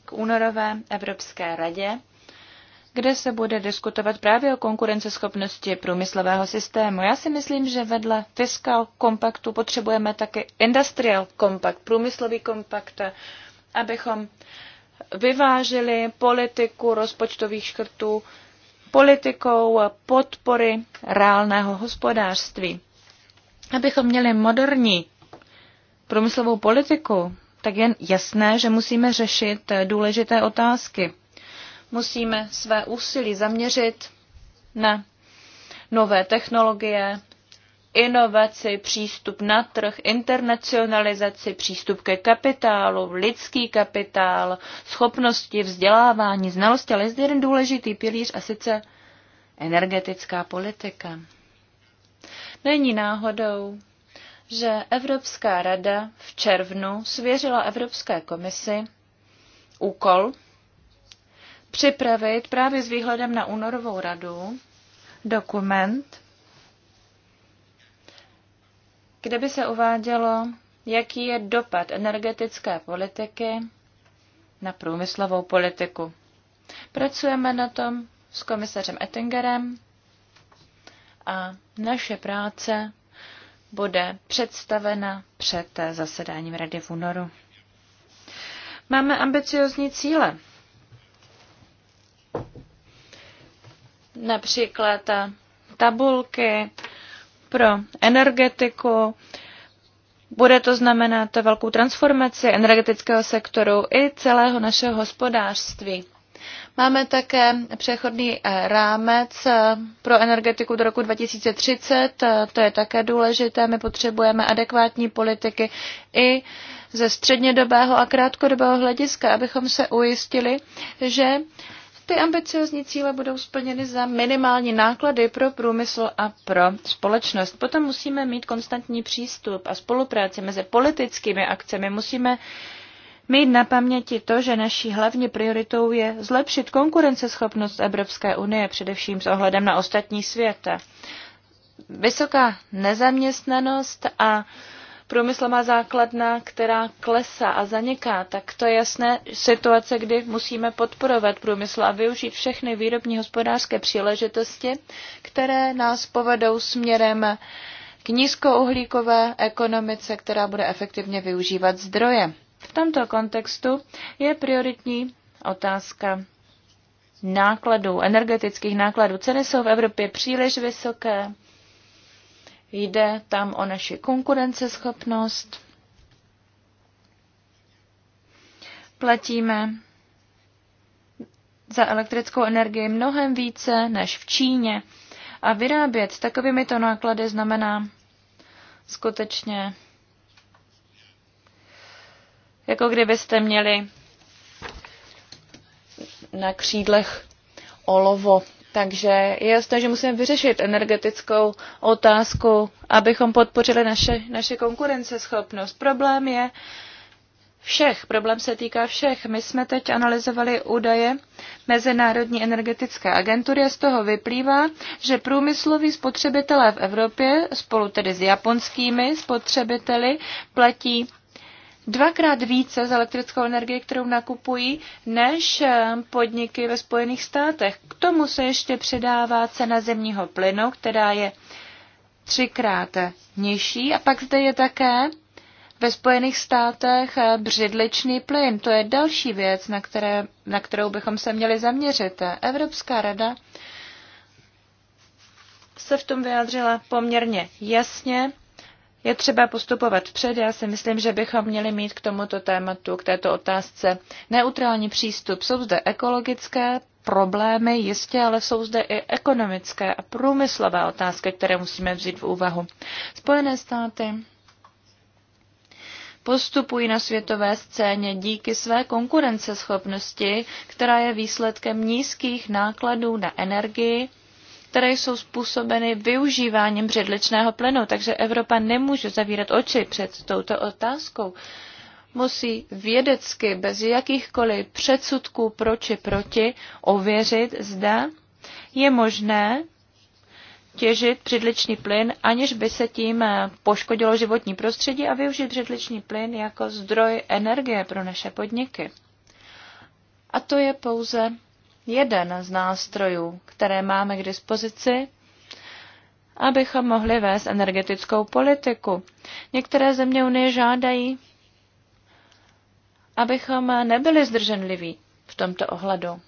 k únorové Evropské radě, kde se bude diskutovat právě o konkurenceschopnosti průmyslového systému. Já si myslím, že vedle fiskal kompaktu potřebujeme také industrial kompakt, průmyslový kompakt, abychom vyvážili politiku rozpočtových škrtů politikou podpory reálného hospodářství. Abychom měli moderní průmyslovou politiku, tak je jasné, že musíme řešit eh, důležité otázky. Musíme své úsilí zaměřit na nové technologie, inovaci, přístup na trh, internacionalizaci, přístup ke kapitálu, lidský kapitál, schopnosti, vzdělávání, znalosti, ale je zde jeden důležitý pilíř a sice energetická politika. Není náhodou, že Evropská rada v červnu svěřila Evropské komisi úkol připravit právě s výhledem na únorovou radu dokument, kde by se uvádělo, jaký je dopad energetické politiky na průmyslovou politiku. Pracujeme na tom s komisařem Ettingerem a naše práce bude představena před zasedáním Rady v únoru. Máme ambiciozní cíle. Například tabulky pro energetiku. Bude to znamenat velkou transformaci energetického sektoru i celého našeho hospodářství. Máme také přechodný eh, rámec eh, pro energetiku do roku 2030, eh, to je také důležité. My potřebujeme adekvátní politiky i ze střednědobého a krátkodobého hlediska, abychom se ujistili, že ty ambiciozní cíle budou splněny za minimální náklady pro průmysl a pro společnost. Potom musíme mít konstantní přístup a spolupráci mezi politickými akcemi. Musíme mít na paměti to, že naší hlavní prioritou je zlepšit konkurenceschopnost Evropské unie, především s ohledem na ostatní svět. Vysoká nezaměstnanost a průmyslová základna, která klesá a zaniká, tak to je jasné situace, kdy musíme podporovat průmysl a využít všechny výrobní hospodářské příležitosti, které nás povedou směrem k nízkouhlíkové ekonomice, která bude efektivně využívat zdroje. V tomto kontextu je prioritní otázka nákladů, energetických nákladů. Ceny jsou v Evropě příliš vysoké, jde tam o naši konkurenceschopnost, platíme za elektrickou energii mnohem více než v Číně a vyrábět takovými to náklady znamená skutečně jako kdybyste měli na křídlech olovo. Takže je jasné, že musíme vyřešit energetickou otázku, abychom podpořili naše, naše konkurenceschopnost. Problém je všech, problém se týká všech. My jsme teď analyzovali údaje Mezinárodní energetické agentury a z toho vyplývá, že průmysloví spotřebitelé v Evropě spolu tedy s japonskými spotřebiteli platí dvakrát více za elektrickou energii, kterou nakupují, než eh, podniky ve Spojených státech. K tomu se ještě přidává cena zemního plynu, která je třikrát nižší. A pak zde je také ve Spojených státech eh, břidličný plyn. To je další věc, na, které, na kterou bychom se měli zaměřit. Evropská rada se v tom vyjádřila poměrně jasně. Je třeba postupovat před. Já si myslím, že bychom měli mít k tomuto tématu, k této otázce neutrální přístup. Jsou zde ekologické problémy, jistě, ale jsou zde i ekonomické a průmyslové otázky, které musíme vzít v úvahu. Spojené státy postupují na světové scéně díky své konkurenceschopnosti, která je výsledkem nízkých nákladů na energii které jsou způsobeny využíváním břidličného plynu. Takže Evropa nemůže zavírat oči před touto otázkou. Musí vědecky, bez jakýchkoliv předsudků pro či proti, ověřit, zda je možné těžit břidličný plyn, aniž by se tím poškodilo životní prostředí a využít břidličný plyn jako zdroj energie pro naše podniky. A to je pouze jeden z nástrojů, které máme k dispozici, abychom mohli vést energetickou politiku. Některé země Unie žádají, abychom nebyli zdrženliví v tomto ohledu.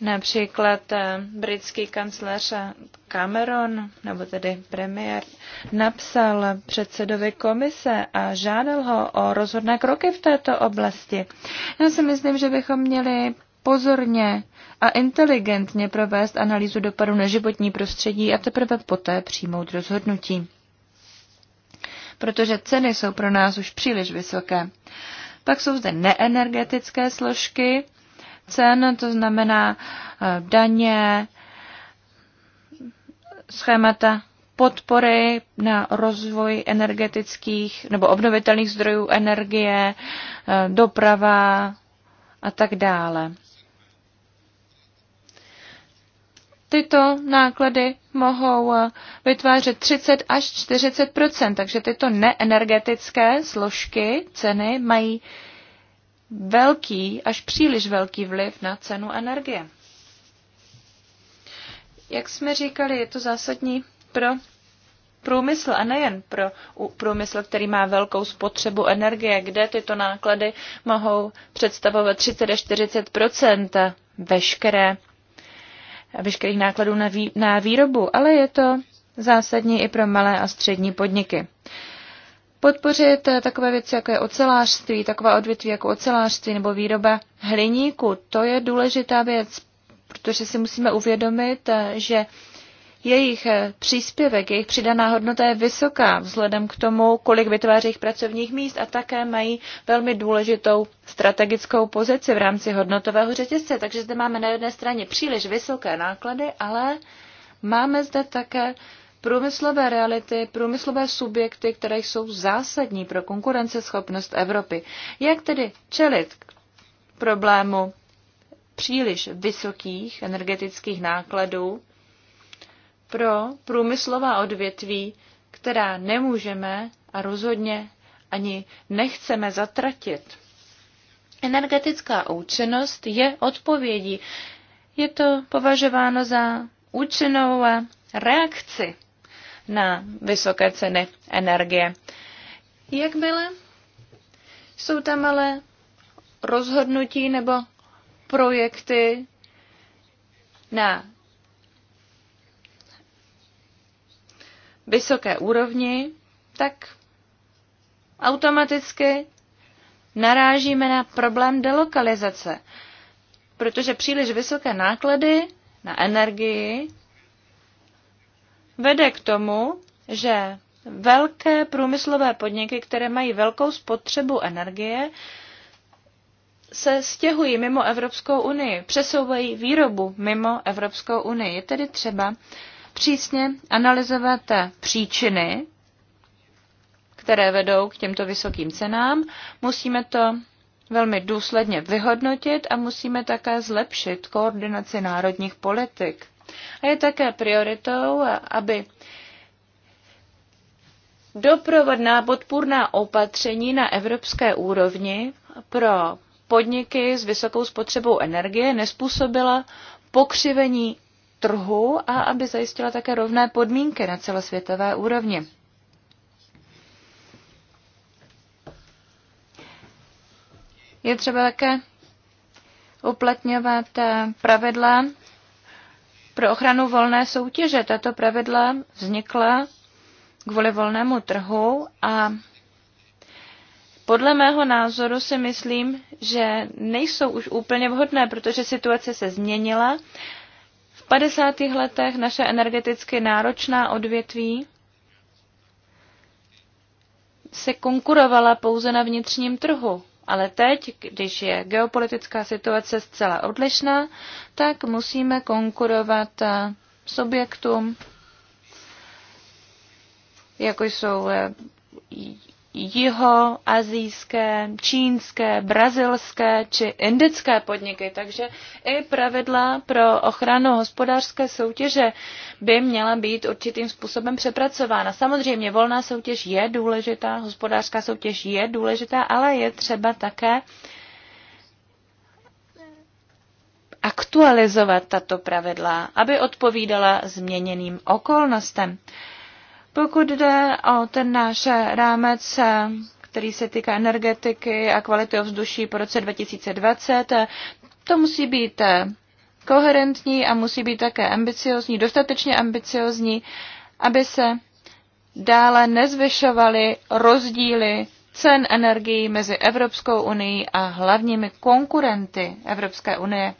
Například eh, britský kancléř Cameron, nebo tedy premiér, napsal předsedovi komise a žádal ho o rozhodné kroky v této oblasti. Já si myslím, že bychom měli pozorně a inteligentně provést analýzu dopadu na životní prostředí a teprve poté přijmout rozhodnutí. Protože ceny jsou pro nás už příliš vysoké. Pak jsou zde neenergetické složky cen, to znamená eh, daně, schémata podpory na rozvoj energetických nebo obnovitelných zdrojů energie, eh, doprava a tak dále. tyto náklady mohou eh, vytvářet 30 až 40 takže tyto neenergetické složky ceny mají velký, až příliš velký vliv na cenu energie. Jak jsme říkali, je to zásadní pro průmysl a nejen pro průmysl, který má velkou spotřebu energie, kde tyto náklady mohou představovat 30 až 40 veškeré veškerých nákladů na, vý, na výrobu, ale je to zásadní i pro malé a střední podniky. Podpořit eh, takové věci, jako je ocelářství, taková odvětví jako ocelářství nebo výroba hliníku, to je důležitá věc, protože si musíme uvědomit, eh, že jejich eh, příspěvek, jejich přidaná hodnota je vysoká vzhledem k tomu, kolik vytváří pracovních míst a také mají velmi důležitou strategickou pozici v rámci hodnotového řetězce. Takže zde máme na jedné straně příliš vysoké náklady, ale máme zde také průmyslové reality, průmyslové subjekty, které jsou zásadní pro konkurenceschopnost Evropy. Jak tedy čelit k problému příliš vysokých energetických nákladů pro průmyslová odvětví, která nemůžeme a rozhodně ani nechceme zatratit. Energetická účinnost je odpovědí. Je to považováno za účinnou reakci na vysoké ceny energie. Jak byly? Jsou tam ale rozhodnutí nebo projekty na vysoké úrovni, tak automaticky narážíme na problém delokalizace, protože příliš vysoké náklady na energii vede k tomu, že velké průmyslové podniky, které mají velkou spotřebu energie, se stěhují mimo Evropskou unii, přesouvají výrobu mimo Evropskou unii. Je tedy třeba přísně analyzovat příčiny, které vedou k těmto vysokým cenám. Musíme to velmi důsledně vyhodnotit a musíme také zlepšit koordinaci národních politik. A je také prioritou, aby doprovodná podpůrná opatření na evropské úrovni pro podniky s vysokou spotřebou energie nespůsobila pokřivení trhu a aby zajistila také rovné podmínky na celosvětové úrovni. Je třeba také uplatňovat pravidla pro ochranu volné soutěže. Tato pravidla vznikla kvůli volnému trhu a podle mého názoru si myslím, že nejsou už úplně vhodné, protože situace se změnila 50. letech naše energeticky náročná odvětví se konkurovala pouze na vnitřním trhu. Ale teď, když je geopolitická situace zcela odlišná, tak musíme konkurovat eh, subjektům, jako jsou eh, jihoazijské, čínské, brazilské či indické podniky. Takže i pravidla pro ochranu hospodářské soutěže by měla být určitým způsobem přepracována. Samozřejmě volná soutěž je důležitá, hospodářská soutěž je důležitá, ale je třeba také aktualizovat tato pravidla, aby odpovídala změněným okolnostem. Pokud jde o ten náš rámec, který se týká energetiky a kvality ovzduší po roce 2020, to musí být koherentní a musí být také ambiciozní, dostatečně ambiciozní, aby se dále nezvyšovaly rozdíly cen energií mezi Evropskou unii a hlavními konkurenty Evropské unie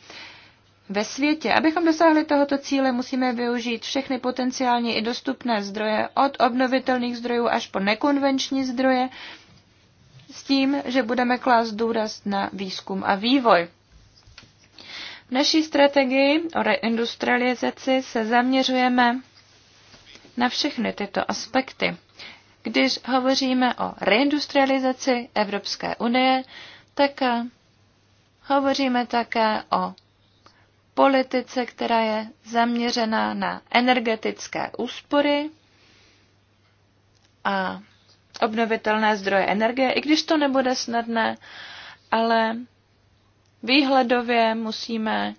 ve světě. Abychom dosáhli tohoto cíle, musíme využít všechny potenciálně i dostupné zdroje, od obnovitelných zdrojů až po nekonvenční zdroje, s tím, že budeme klást důraz na výzkum a vývoj. V naší strategii o reindustrializaci se zaměřujeme na všechny tyto aspekty. Když hovoříme o reindustrializaci Evropské unie, tak hovoříme také o politice, která je zaměřená na energetické úspory a obnovitelné zdroje energie, i když to nebude snadné, ale výhledově musíme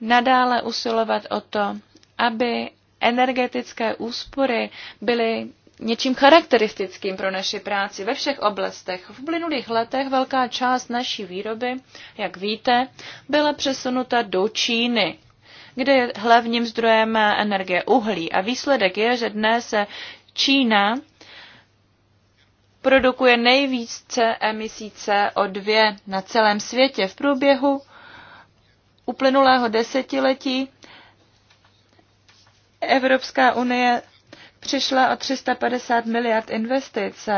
nadále usilovat o to, aby energetické úspory byly něčím charakteristickým pro naši práci ve všech oblastech. V plynulých letech velká část naší výroby, jak víte, byla přesunuta do Číny, kde je hlavním zdrojem energie uhlí. A výsledek je, že dnes Čína produkuje nejvíce emisí CO2 na celém světě. V průběhu uplynulého desetiletí Evropská unie přišla o 350 miliard investic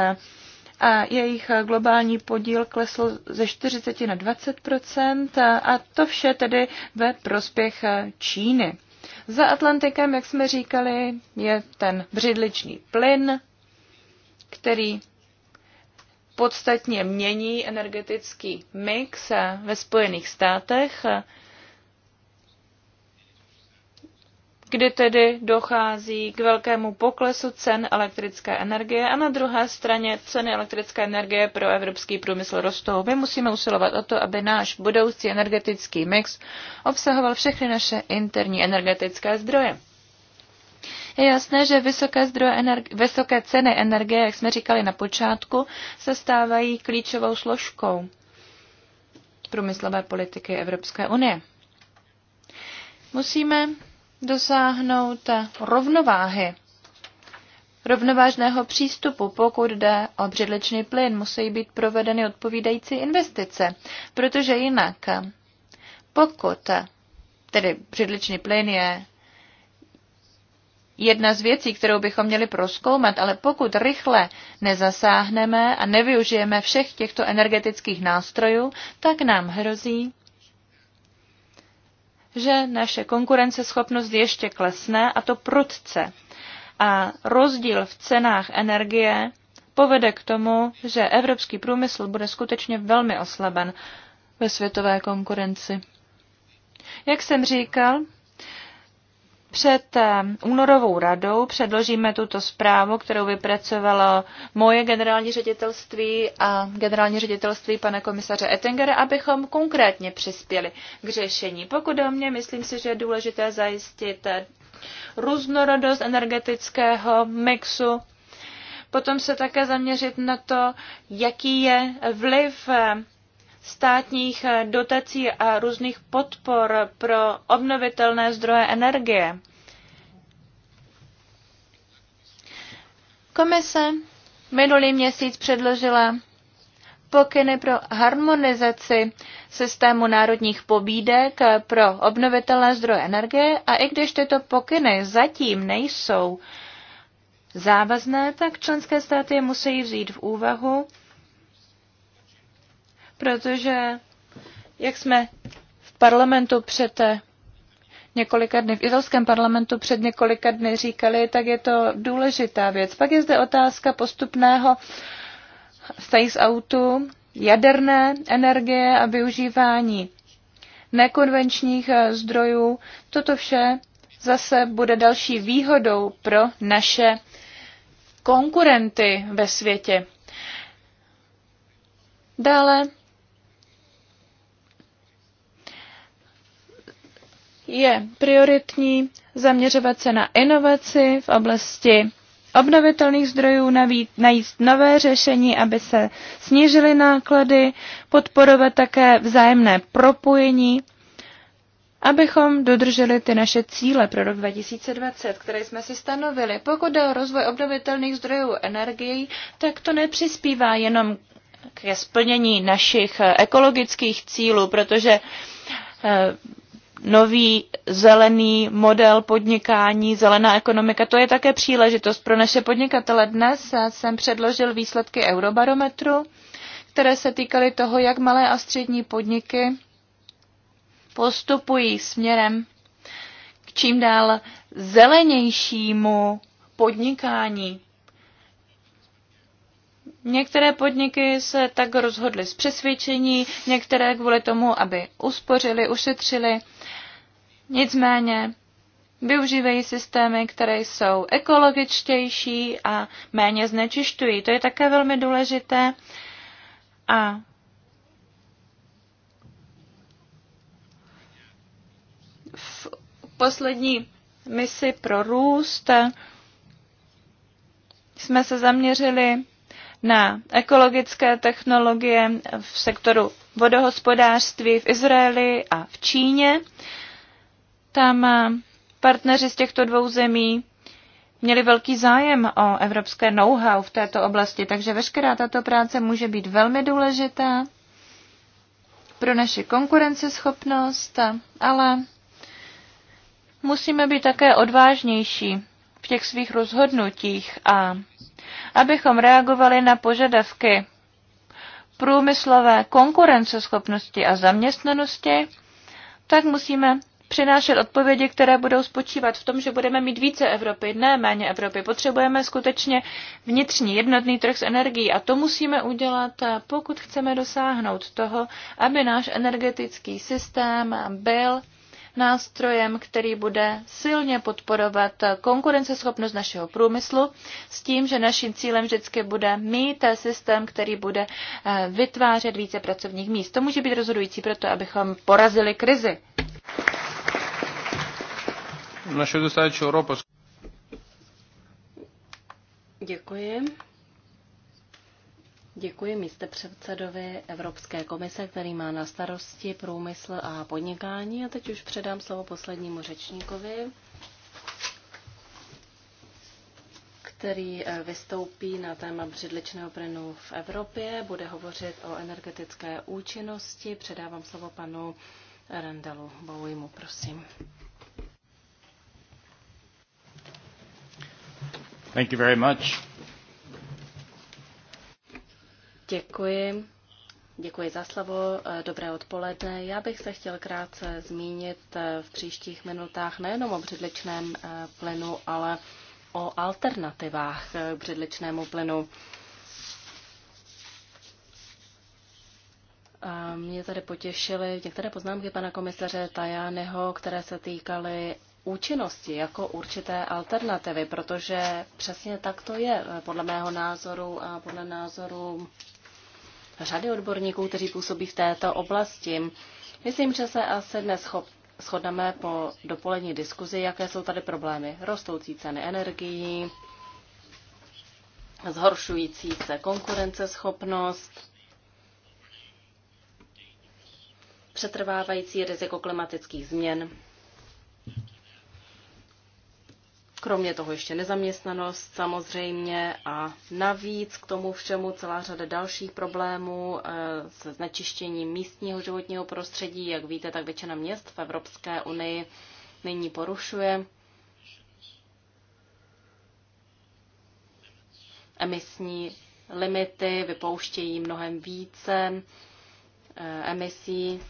a jejich globální podíl klesl ze 40 na 20 a to vše tedy ve prospěch Číny. Za Atlantikem, jak jsme říkali, je ten břidličný plyn, který podstatně mění energetický mix ve Spojených státech. kdy tedy dochází k velkému poklesu cen elektrické energie a na druhé straně ceny elektrické energie pro evropský průmysl rostou. My musíme usilovat o to, aby náš budoucí energetický mix obsahoval všechny naše interní energetické zdroje. Je jasné, že vysoké, zdroje energi- vysoké ceny energie, jak jsme říkali na počátku, se stávají klíčovou složkou průmyslové politiky Evropské unie. Musíme dosáhnout rovnováhy, rovnovážného přístupu, pokud jde o břidličný plyn, musí být provedeny odpovídající investice, protože jinak, pokud tedy břidličný plyn je jedna z věcí, kterou bychom měli proskoumat, ale pokud rychle nezasáhneme a nevyužijeme všech těchto energetických nástrojů, tak nám hrozí, že naše konkurenceschopnost ještě klesne a to prudce. A rozdíl v cenách energie povede k tomu, že evropský průmysl bude skutečně velmi oslaben ve světové konkurenci. Jak jsem říkal, před eh, únorovou radou předložíme tuto zprávu, kterou vypracovalo moje generální ředitelství a generální ředitelství pana komisaře Ettingera, abychom konkrétně přispěli k řešení. Pokud o mě, myslím si, že je důležité zajistit eh, různorodost energetického mixu, potom se také zaměřit na to, jaký je vliv eh, státních eh, dotací a různých podpor pro obnovitelné zdroje energie. Komise minulý měsíc předložila pokyny pro harmonizaci systému národních pobídek pro obnovitelné zdroje energie a i když tyto pokyny zatím nejsou závazné, tak členské státy je musí vzít v úvahu protože jak jsme v parlamentu před eh, několika dny, v italském parlamentu před několika dny říkali, tak je to důležitá věc. Pak je zde otázka postupného z outu, jaderné energie a využívání nekonvenčních eh, zdrojů. Toto vše zase bude další výhodou pro naše konkurenty ve světě. Dále je prioritní zaměřovat se na inovaci v oblasti obnovitelných zdrojů, navít, najít nové řešení, aby se snížily náklady, podporovat také vzájemné propojení, abychom dodrželi ty naše cíle pro rok 2020, které jsme si stanovili. Pokud jde o rozvoj obnovitelných zdrojů energií, tak to nepřispívá jenom ke splnění našich ekologických cílů, protože eh, nový zelený model podnikání, zelená ekonomika. To je také příležitost pro naše podnikatele. Dnes jsem předložil výsledky Eurobarometru, které se týkaly toho, jak malé a střední podniky postupují směrem k čím dál zelenějšímu podnikání. Některé podniky se tak rozhodly z přesvědčení, některé kvůli tomu, aby uspořili, ušetřili. Nicméně využívají systémy, které jsou ekologičtější a méně znečišťují. To je také velmi důležité. A v poslední misi pro růst jsme se zaměřili na ekologické technologie v sektoru vodohospodářství v Izraeli a v Číně tam eh, partneři z těchto dvou zemí měli velký zájem o evropské know-how v této oblasti, takže veškerá tato práce může být velmi důležitá pro naši konkurenceschopnost, ale musíme být také odvážnější v těch svých rozhodnutích a abychom reagovali na požadavky průmyslové konkurenceschopnosti a zaměstnanosti, tak musíme přinášet odpovědi, které budou spočívat v tom, že budeme mít více Evropy, ne méně Evropy. Potřebujeme skutečně vnitřní jednotný trh s energií a to musíme udělat, pokud chceme dosáhnout toho, aby náš energetický systém byl nástrojem, který bude silně podporovat konkurenceschopnost našeho průmyslu s tím, že naším cílem vždycky bude mít systém, který bude eh, vytvářet více pracovních míst. To může být rozhodující pro to, abychom porazili krizi. Nuoširdus ačiū Europos. Děkuji. Děkuji místě předsedovi Evropské komise, který má na starosti průmysl a podnikání. A teď už předám slovo poslednímu řečníkovi, který eh, vystoupí na téma břidličného plynu v Evropě. Bude hovořit o energetické účinnosti. Předávám slovo panu Randalu Bowiemu, prosím. Thank you very much. Děkuji. Děkuji za slovo, dobré odpoledne. Já bych se chtěl krátce zmínit eh, v příštích minutách nejenom o břidličném eh, plynu, ale o alternativách eh, k břidličnému plynu. Mě tady potěšily některé poznámky pana komisaře Tajányho, které se týkaly účinnosti jako určité alternativy, protože přesně tak to je podle mého názoru a podle názoru řady odborníků, kteří působí v této oblasti. Myslím, že se asi dnes shodneme po dopolední diskuzi, jaké jsou tady problémy. Rostoucí ceny energií, zhoršující se konkurenceschopnost, přetrvávající riziko klimatických změn Kromě toho ještě nezaměstnanost samozřejmě a navíc k tomu všemu celá řada dalších problémů eh, se znečištěním místního životního prostředí. Jak víte, tak většina měst v Evropské unii nyní porušuje emisní limity, vypouštějí mnohem více eh, emisí,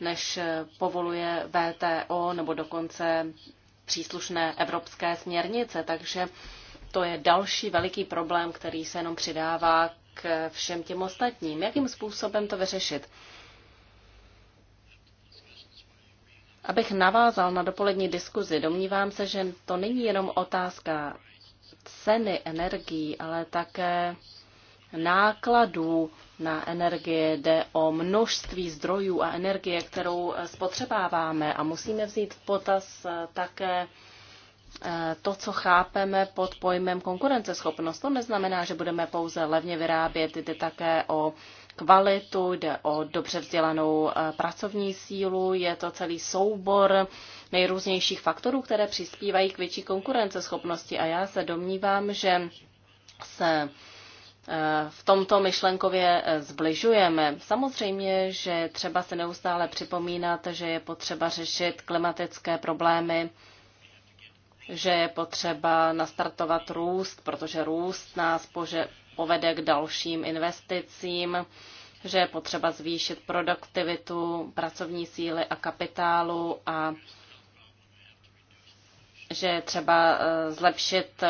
než povoluje VTO nebo dokonce příslušné evropské směrnice, takže to je další veliký problém, který se jenom přidává k všem těm ostatním. Jakým způsobem to vyřešit? Abych navázal na dopolední diskuzi, domnívám se, že to není jenom otázka ceny energií, ale také nákladů na energie, jde o množství zdrojů a energie, kterou eh, spotřebáváme a musíme vzít v potaz eh, také eh, to, co chápeme pod pojmem konkurenceschopnost. To neznamená, že budeme pouze levně vyrábět, jde také o kvalitu, jde o dobře vzdělanou pracovní sílu, je to celý soubor nejrůznějších faktorů, které přispívají k větší konkurenceschopnosti. A já se domnívám, že se Eh, v tomto myšlenkově eh, zbližujeme. Samozřejmě, že třeba se neustále připomínat, že je potřeba řešit klimatické problémy, že je potřeba nastartovat růst, protože růst nás pože, povede k dalším investicím, že je potřeba zvýšit produktivitu pracovní síly a kapitálu a že je třeba eh, zlepšit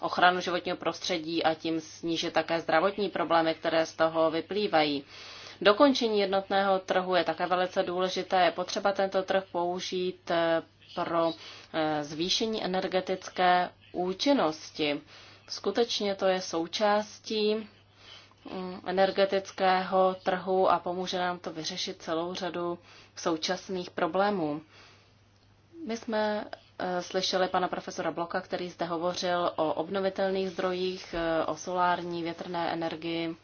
ochranu životního prostředí a tím snížit také zdravotní problémy, které z toho vyplývají. Dokončení jednotného trhu je také velice důležité. Je potřeba tento trh použít eh, pro eh, zvýšení energetické účinnosti. Skutečně to je součástí mm, energetického trhu a pomůže nám to vyřešit celou řadu současných problémů. My jsme Eh, slyšeli pana profesora Bloka, který zde hovořil o obnovitelných zdrojích, eh, o solární větrné energii,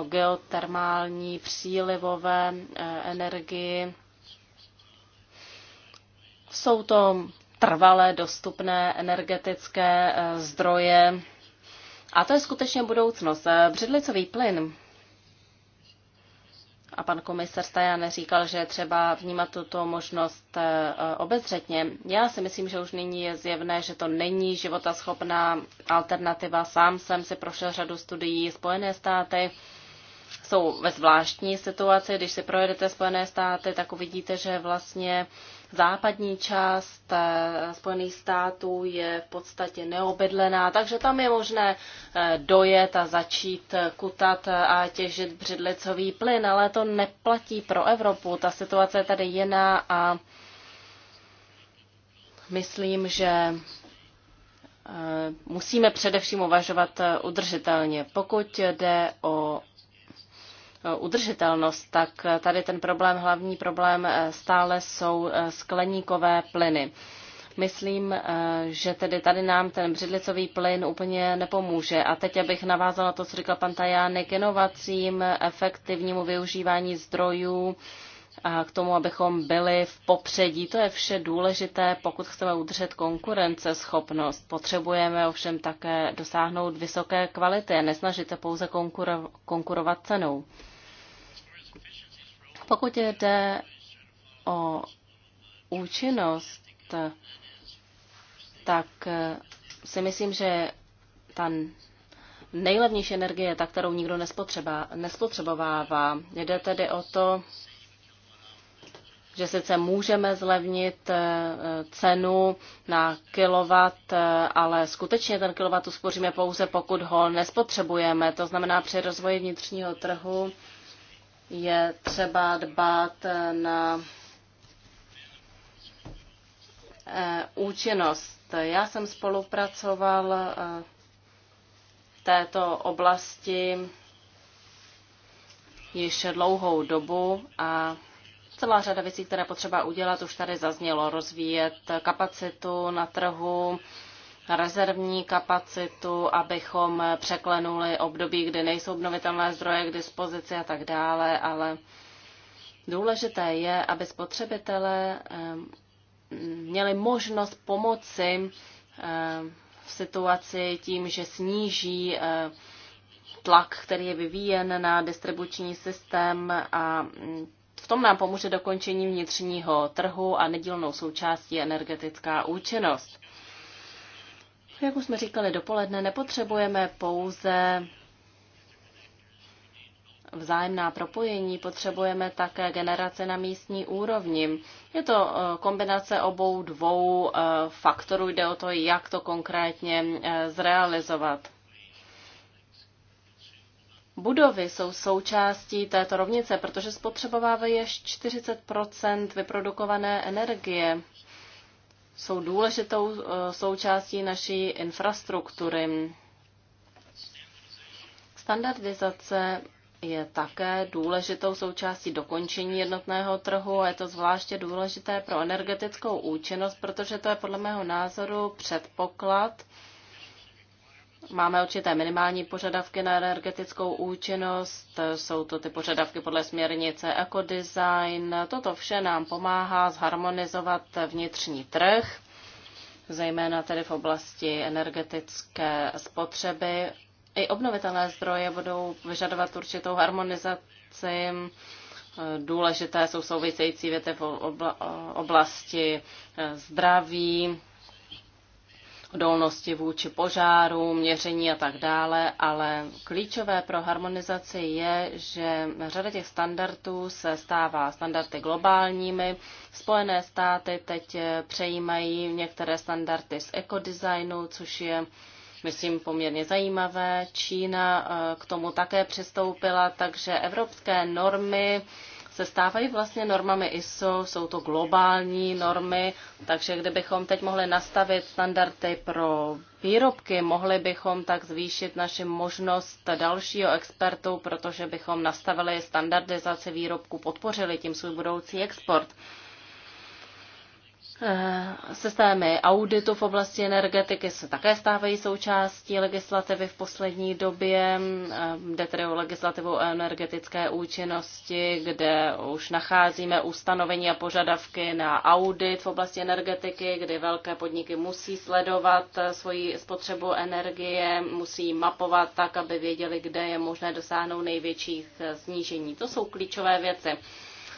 o geotermální přílivové eh, energii. Jsou to trvalé dostupné energetické zdroje. A to je skutečně budoucnost. Břidlicový plyn a pan komisar Stajan říkal, že třeba vnímat tuto možnost eh, obezřetně. Já si myslím, že už nyní je zjevné, že to není životaschopná alternativa. Sám jsem si prošel řadu studií Spojené státy, jsou ve zvláštní situaci. Když si projedete Spojené státy, tak uvidíte, že vlastně západní část eh, Spojených států je v podstatě neobydlená, takže tam je možné eh, dojet a začít eh, kutat a těžit břidlicový plyn, ale to neplatí pro Evropu. Ta situace je tady jiná a myslím, že musíme především uvažovat udržitelně. Pokud jde o udržitelnost, tak tady ten problém, hlavní problém eh, stále jsou eh, skleníkové plyny. Myslím, eh, že tedy tady nám ten břidlicový plyn úplně nepomůže. A teď, abych navázala to, co říkal pan Tajány, k inovacím, efektivnímu využívání zdrojů, a k tomu, abychom byli v popředí. To je vše důležité, pokud chceme udržet konkurenceschopnost. Potřebujeme ovšem také dosáhnout vysoké kvality a nesnažit se pouze konkurovat cenou. Pokud jde o účinnost, tak si myslím, že ta nejlevnější energie ta, kterou nikdo nespotřebovává. Jde tedy o to, že sice můžeme zlevnit eh, cenu na kilowatt, eh, ale skutečně ten kilowatt uspoříme pouze, pokud ho nespotřebujeme. To znamená, při rozvoji vnitřního trhu je třeba dbát na eh, účinnost. Já jsem spolupracoval eh, v této oblasti již dlouhou dobu a celá řada věcí, které potřeba udělat, už tady zaznělo. Rozvíjet kapacitu na trhu, rezervní kapacitu, abychom překlenuli období, kdy nejsou obnovitelné zdroje k dispozici a tak dále, ale důležité je, aby spotřebitelé eh, měli možnost pomoci eh, v situaci tím, že sníží eh, tlak, který je vyvíjen na distribuční systém a mm, v tom nám pomůže dokončení vnitřního trhu a nedílnou součástí energetická účinnost. Jak už jsme říkali dopoledne, nepotřebujeme pouze vzájemná propojení, potřebujeme také generace na místní úrovni. Je to eh, kombinace obou dvou eh, faktorů, jde o to, jak to konkrétně eh, zrealizovat. Budovy jsou součástí této rovnice, protože spotřebovávají až 40 vyprodukované energie jsou důležitou eh, součástí naší infrastruktury. Standardizace je také důležitou součástí dokončení jednotného trhu a je to zvláště důležité pro energetickou účinnost, protože to je podle mého názoru předpoklad Máme určité minimální požadavky na energetickou účinnost, jsou to ty požadavky podle směrnice ekodesign. Toto vše nám pomáhá zharmonizovat vnitřní trh, zejména tedy v oblasti energetické spotřeby. I obnovitelné zdroje budou vyžadovat určitou harmonizaci. Důležité jsou související věty v oblasti zdraví, odolnosti vůči požáru, měření a tak dále, ale klíčové pro harmonizaci je, že řada těch standardů se stává standardy globálními. Spojené státy teď přejímají některé standardy z ekodesignu, což je myslím, poměrně zajímavé. Čína eh, k tomu také přistoupila, takže evropské normy se stávají vlastně normami ISO, jsou to globální normy, takže kdybychom teď mohli nastavit standardy pro výrobky, mohli bychom tak zvýšit naši možnost dalšího expertu, protože bychom nastavili standardizaci výrobku, podpořili tím svůj budoucí export. Eh, systémy auditu v oblasti energetiky se také stávají součástí legislativy v poslední době. Eh, jde tedy o legislativu o energetické účinnosti, kde už nacházíme ustanovení a požadavky na audit v oblasti energetiky, kdy velké podniky musí sledovat eh, svoji spotřebu energie, musí mapovat tak, aby věděli, kde je možné dosáhnout největších snížení. To jsou klíčové věci.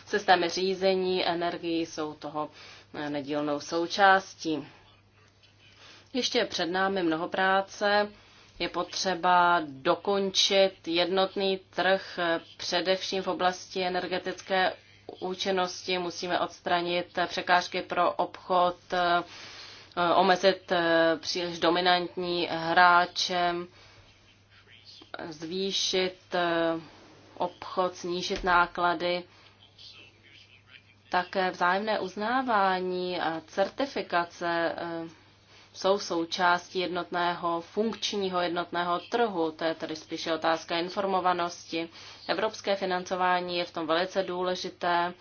Systémy řízení energií jsou toho nedílnou součástí. Ještě je před námi mnoho práce. Je potřeba dokončit jednotný trh především v oblasti energetické účinnosti. Musíme odstranit překážky pro obchod, omezit příliš dominantní hráče, zvýšit obchod, snížit náklady. Také vzájemné uznávání a certifikace eh, jsou součástí jednotného funkčního jednotného trhu. To je tedy spíše otázka informovanosti. Evropské financování je v tom velice důležité.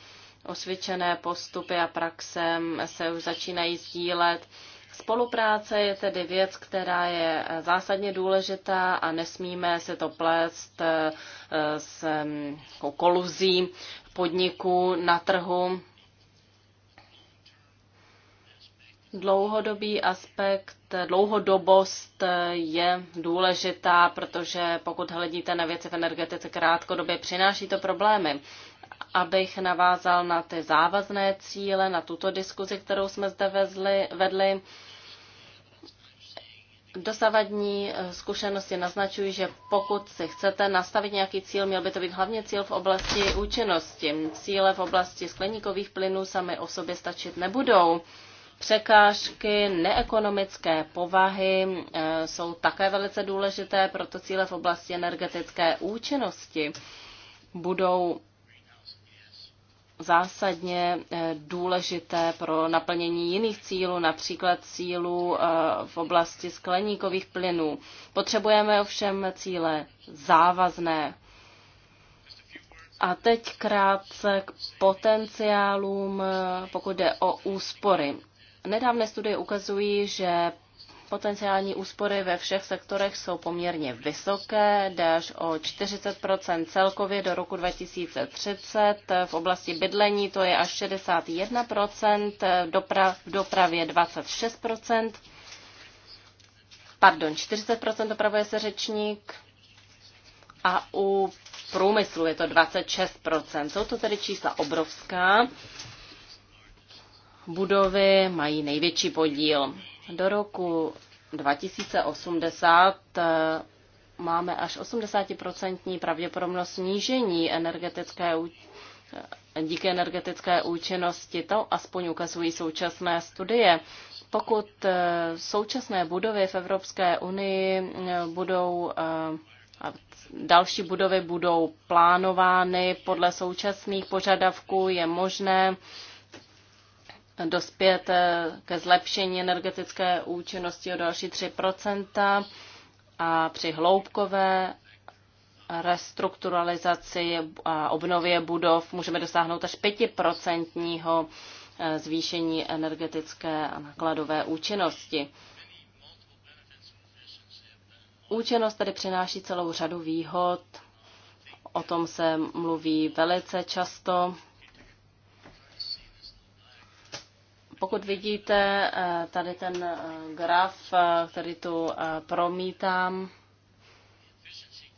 Osvědčené postupy a praxe se už začínají sdílet. Spolupráce je tedy věc, která je zásadně důležitá a nesmíme se to plést eh, s mm, koluzí podniků na trhu. Dlouhodobý aspekt, dlouhodobost je důležitá, protože pokud hledíte na věci v energetice krátkodobě, přináší to problémy. Abych navázal na ty závazné cíle, na tuto diskuzi, kterou jsme zde vezli, vedli, Dosavadní eh, zkušenosti naznačují, že pokud si chcete nastavit nějaký cíl, měl by to být hlavně cíl v oblasti účinnosti. Cíle v oblasti skleníkových plynů sami o sobě stačit nebudou. Překážky neekonomické povahy eh, jsou také velice důležité, proto cíle v oblasti energetické účinnosti budou zásadně eh, důležité pro naplnění jiných cílů, například cílů eh, v oblasti skleníkových plynů. Potřebujeme ovšem cíle závazné. A teď krátce k potenciálům, eh, pokud jde o úspory. Nedávné studie ukazují, že Potenciální úspory ve všech sektorech jsou poměrně vysoké, jde až o 40 celkově do roku 2030. V oblasti bydlení to je až 61 dopra- v dopravě 26 pardon, 40 opravuje se řečník a u průmyslu je to 26 Jsou to tedy čísla obrovská. Budovy mají největší podíl do roku 2080 eh, máme až 80% pravděpodobnost snížení energetické eh, díky energetické účinnosti. To aspoň ukazují současné studie. Pokud eh, současné budovy v Evropské unii budou a další budovy budou plánovány podle současných požadavků, je možné dospět eh, ke zlepšení energetické účinnosti o další 3 a při hloubkové restrukturalizaci a obnově budov můžeme dosáhnout až 5% eh, zvýšení energetické a nakladové účinnosti. Účinnost tedy přináší celou řadu výhod, o tom se mluví velice často. Pokud vidíte eh, tady ten eh, graf, eh, který tu promítám,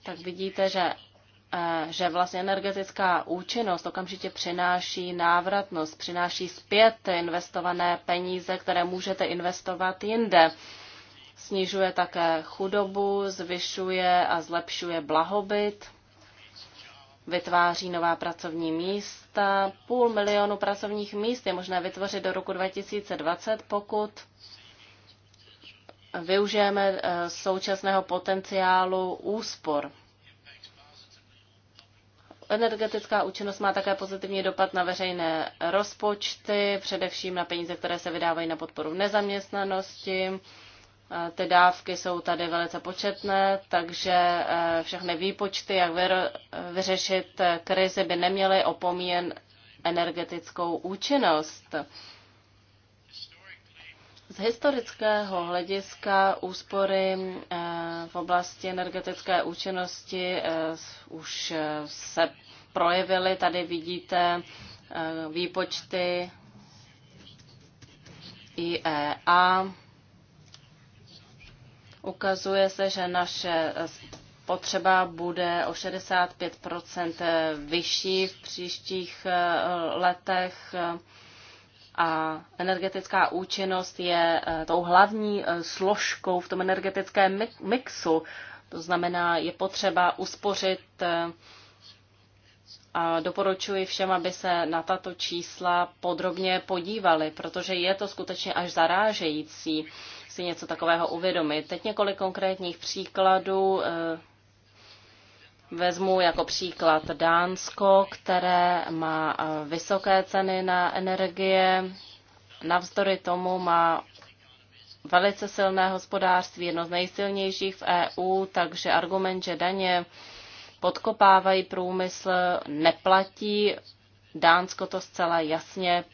tak vidíte, že že vlastně energetická účinnost okamžitě přináší návratnost, přináší zpět investované peníze, které můžete investovat jinde. Snižuje také chudobu, zvyšuje a zlepšuje blahobyt vytváří nová pracovní místa. Půl milionu pracovních míst je možné vytvořit do roku 2020, pokud využijeme eh, současného potenciálu úspor. Energetická účinnost má také pozitivní dopad na veřejné rozpočty, především na peníze, které se vydávají na podporu nezaměstnanosti, Eh, ty dávky jsou tady velice početné, takže eh, všechny výpočty, jak vyřešit eh, krizi, by neměly opomíjen energetickou účinnost. Z historického hlediska úspory v oblasti energetické účinnosti už se projevily. Tady vidíte výpočty IEA Ukazuje se, že naše potřeba bude o 65 vyšší v příštích eh, letech eh, a energetická účinnost je eh, tou hlavní složkou v tom energetickém mixu. To znamená, je potřeba uspořit a doporučuji všem, aby se na tato čísla podrobně podívali, protože je to skutečně až zarážející si něco takového uvědomit. Teď několik konkrétních příkladů. Eh, vezmu jako příklad Dánsko, které má eh, vysoké ceny na energie. Navzdory tomu má velice silné hospodářství, jedno z nejsilnějších v EU, takže argument, že daně podkopávají průmysl, neplatí. Dánsko to zcela jasně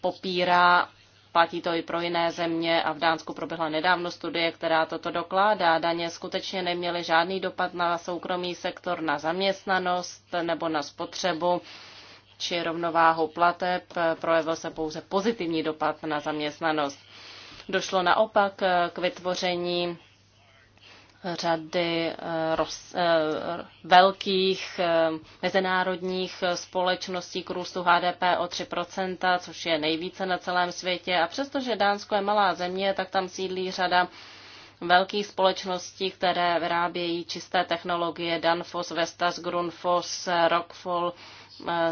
popírá Platí to i pro jiné země a v Dánsku proběhla nedávno studie, která toto dokládá. Daně skutečně neměly žádný dopad na soukromý sektor, na zaměstnanost nebo na spotřebu či rovnováhu plateb. Projevil se pouze pozitivní dopad na zaměstnanost. Došlo naopak k vytvoření řady eh, roz, eh, velkých eh, mezinárodních společností k růstu HDP o 3%, což je nejvíce na celém světě. A přestože Dánsko je malá země, tak tam sídlí řada velkých společností, které vyrábějí čisté technologie Danfoss, Vestas, Grundfos, Rockfall,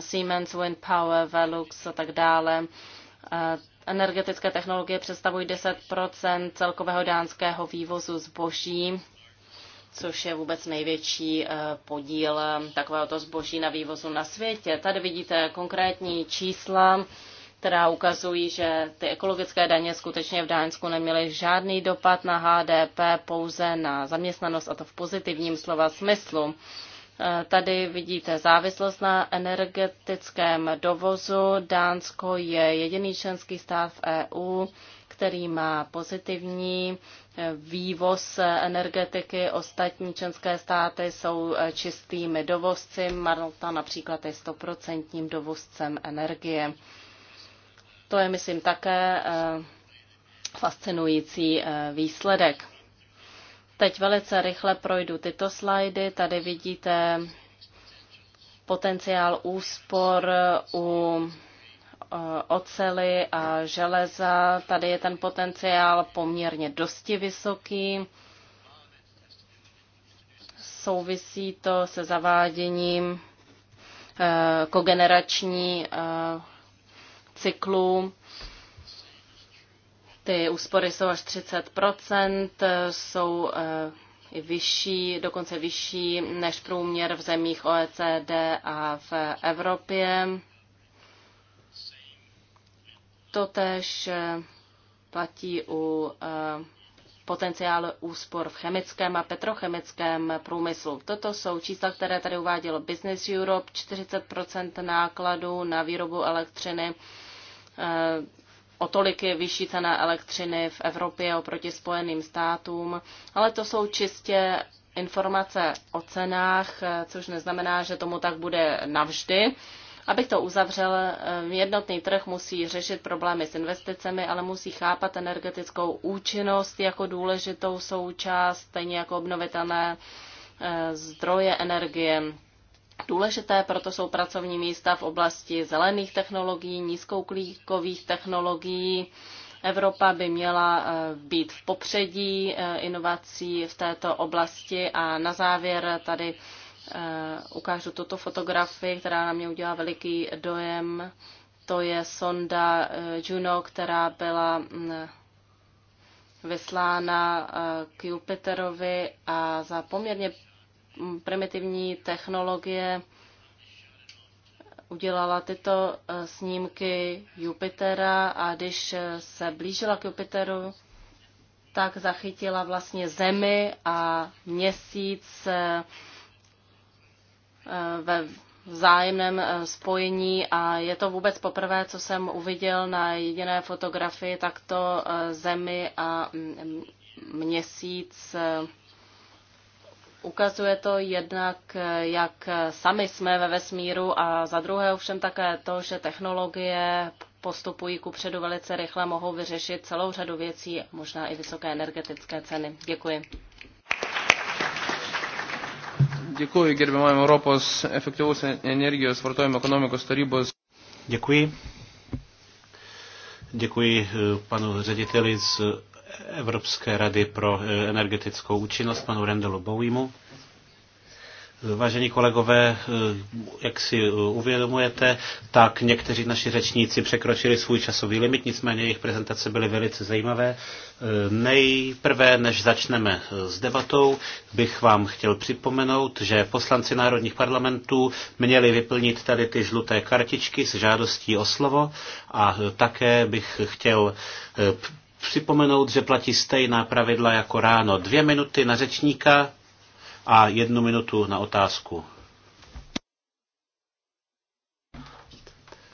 Siemens, Windpower, Velux a tak dále. Energetické technologie představují 10 celkového dánského vývozu zboží což je vůbec největší eh, podíl eh, takovéhoto zboží na vývozu na světě. Tady vidíte konkrétní čísla, která ukazují, že ty ekologické daně skutečně v Dánsku neměly žádný dopad na HDP, pouze na zaměstnanost, a to v pozitivním slova smyslu. Eh, tady vidíte závislost na energetickém dovozu. Dánsko je jediný členský stát v EU, který má pozitivní eh, vývoz energetiky. Ostatní členské státy jsou eh, čistými dovozci. Malta například je stoprocentním dovozcem energie. To je, myslím, také eh, fascinující výsledek. Teď velice rychle projdu tyto slajdy. Tady vidíte potenciál úspor u Eh, ocely a železa. Tady je ten potenciál poměrně dosti vysoký. Souvisí to se zaváděním eh, kogenerační eh, cyklu. Ty úspory jsou až 30 jsou i vyšší, dokonce vyšší než průměr v zemích OECD a v Evropě. To tež eh, platí u eh, potenciál úspor v chemickém a petrochemickém průmyslu. Toto jsou čísla, které tady uvádělo Business Europe, 40 nákladů na výrobu elektřiny, eh, o tolik je vyšší cena elektřiny v Evropě oproti Spojeným státům, ale to jsou čistě informace o cenách, což neznamená, že tomu tak bude navždy. Abych to uzavřel, eh, jednotný trh musí řešit problémy s investicemi, ale musí chápat energetickou účinnost jako důležitou součást, stejně jako obnovitelné eh, zdroje energie. Důležité proto jsou pracovní místa v oblasti zelených technologií, nízkouklíkových technologií. Evropa by měla eh, být v popředí inovací v této oblasti. A na závěr tady Eh, ukážu tuto fotografii, která na mě udělala veliký dojem. To je sonda eh, Juno, která byla mm, vyslána k eh, Jupiterovi a za poměrně mm, primitivní technologie udělala tyto snímky Jupitera a když se blížila k Jupiteru, tak zachytila vlastně Zemi a měsíc ve vzájemném eh, spojení a je to vůbec poprvé, co jsem uviděl na jediné fotografii takto eh, zemi a mm, měsíc. Ukazuje to jednak, eh, jak sami jsme ve vesmíru a za druhé ovšem také to, že technologie postupují ku předu velice rychle, mohou vyřešit celou řadu věcí, možná i vysoké energetické ceny. Děkuji. Děkuji gerbiamoji Europos efektyvaus energijos vartojimo ekonomikos tarybos. Děkuji. Děkuji e, panu řediteli z Evropské rady pro e, energetickou účinnost, panu Rendelu Bowimu. Vážení kolegové, eh, jak si eh, uvědomujete, tak někteří naši řečníci překročili svůj časový limit, nicméně jejich prezentace byly velice zajímavé. Eh, nejprve, než začneme s debatou, bych vám chtěl připomenout, že poslanci národních parlamentů měli vyplnit tady ty žluté kartičky s žádostí o slovo a také bych chtěl připomenout, že platí stejná pravidla jako ráno. Dvě minuty na řečníka, a jednu minutu na otázku.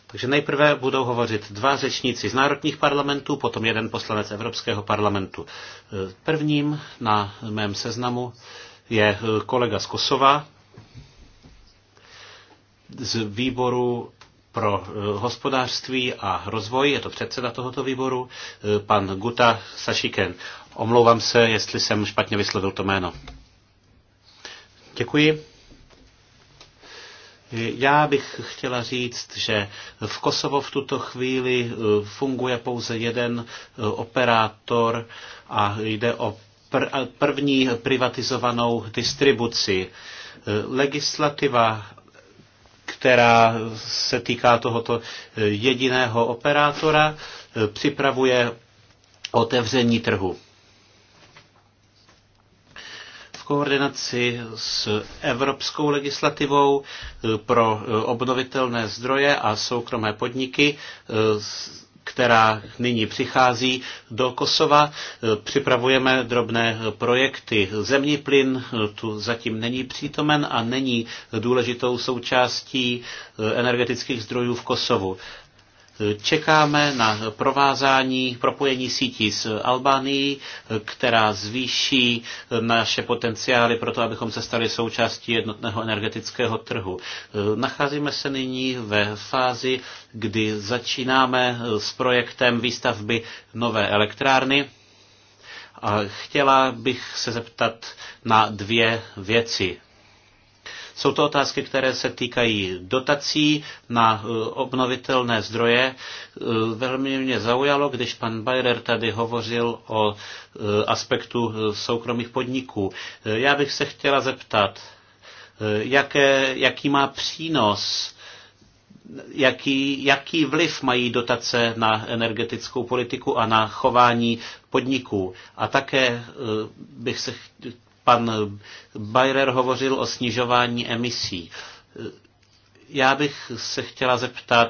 Takže nejprve budou hovořit dva řečníci z národních parlamentů, potom jeden poslanec Evropského parlamentu. Prvním na mém seznamu je kolega z Kosova z výboru pro hospodářství a rozvoj, je to předseda tohoto výboru, pan Guta Sašiken. Omlouvám se, jestli jsem špatně vyslovil to jméno. Děkuji. Já bych chtěla říct, že v Kosovo v tuto chvíli e, funguje pouze jeden e, operátor a jde o první privatizovanou distribuci. E, legislativa která se týká tohoto jediného operátora, připravuje otevření trhu v koordinaci s evropskou legislativou eh, pro eh, obnovitelné zdroje a soukromé podniky eh, která nyní přichází do Kosova. Připravujeme drobné projekty. Zemní plyn tu zatím není přítomen a není důležitou součástí energetických zdrojů v Kosovu. Čekáme na provázání, propojení sítí s Albánií, která zvýší naše potenciály pro to, abychom se stali součástí jednotného energetického trhu. Nacházíme se nyní ve fázi, kdy začínáme s projektem výstavby nové elektrárny. A chtěla bych se zeptat na dvě věci. Jsou to otázky, které se týkají dotací na e, obnovitelné zdroje. E, velmi mě zaujalo, když pan Bayer tady hovořil o e, aspektu soukromých podniků. Já bych se chtěla zeptat, jaké, jaký má přínos jaký, jaký vliv mají dotace na energetickou politiku a na chování podniků. A také bych se Pan Bayer hovořil o snižování emisí. Já bych se chtěla zeptat,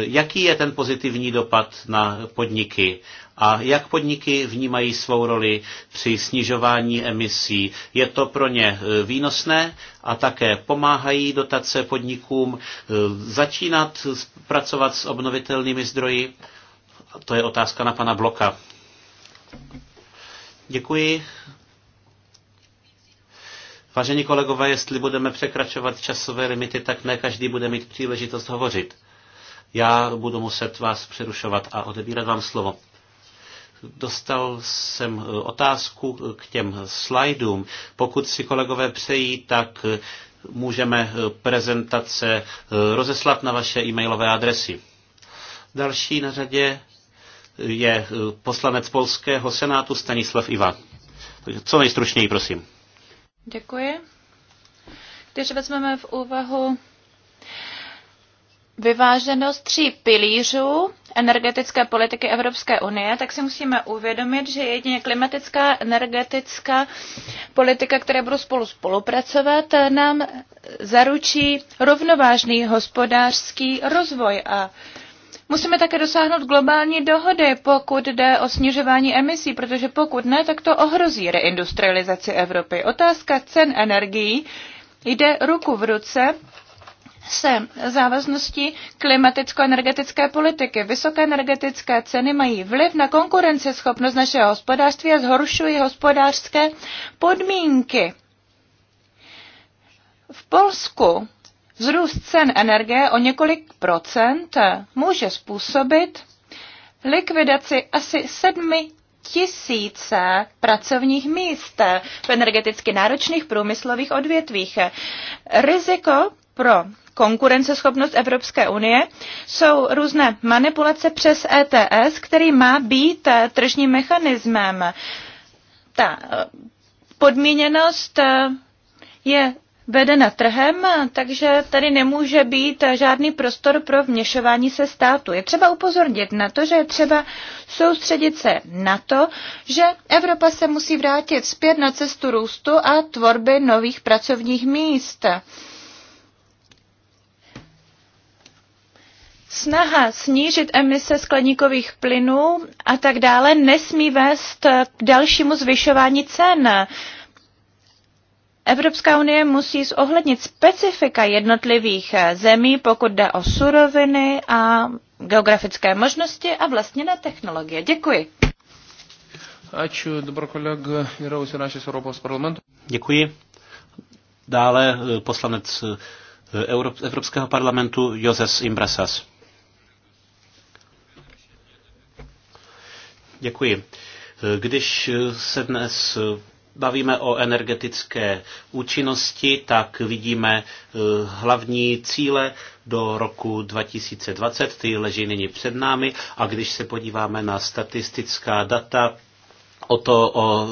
jaký je ten pozitivní dopad na podniky a jak podniky vnímají svou roli při snižování emisí. Je to pro ně výnosné a také pomáhají dotace podnikům začínat pracovat s obnovitelnými zdroji? To je otázka na pana Bloka. Děkuji. Vážení kolegové, jestli budeme překračovat časové limity, tak ne každý bude mít příležitost hovořit. Já budu muset vás přerušovat a odebírat vám slovo. Dostal jsem eh, otázku k těm slajdům. Pokud si kolegové přejí, tak eh, můžeme eh, prezentace rozeslat na vaše e-mailové adresy. Další na řadě je eh, poslanec Polského senátu Stanislav Iva. Co nejstručněji, prosím. Děkuji. Když vezmeme v úvahu vyváženost tří pilířů energetické politiky Evropské unie, tak si musíme uvědomit, že jedině klimatická, energetická politika, které budou spolu spolupracovat, nám zaručí rovnovážný hospodářský rozvoj a Musíme také dosáhnout globální dohody, pokud jde o snižování emisí, protože pokud ne, tak to ohrozí reindustrializaci Evropy. Otázka cen energií jde ruku v ruce se závazností klimaticko-energetické politiky. Vysoké energetické ceny mají vliv na konkurenceschopnost našeho hospodářství a zhoršují hospodářské podmínky. V Polsku Vzrůst cen energie o několik procent může způsobit likvidaci asi sedmi tisíce pracovních míst v energeticky náročných průmyslových odvětvích. Riziko pro konkurenceschopnost Evropské unie jsou různé manipulace přes ETS, který má být tržním mechanismem. Ta eh, podmíněnost eh, je vedena trhem, takže tady nemůže být žádný prostor pro vněšování se státu. Je třeba upozornit na to, že je třeba soustředit se na to, že Evropa se musí vrátit zpět na cestu růstu a tvorby nových pracovních míst. Snaha snížit emise skleníkových plynů a tak dále nesmí vést k dalšímu zvyšování cen Evropská unie musí zohlednit specifika jednotlivých eh, zemí, pokud jde o suroviny a geografické možnosti a vlastně na technologie. Děkuji. Ačiū, dobrý kolega yra užsirašęs Europos parlamentu? Děkuji. Dále eh, poslanec eh, Evropského parlamentu Josef Imbrasas. Děkuji. Když se dnes bavíme o energetické účinnosti, tak vidíme eh, hlavní cíle do roku 2020, ty leží nyní před námi a když se podíváme na statistická data, o to o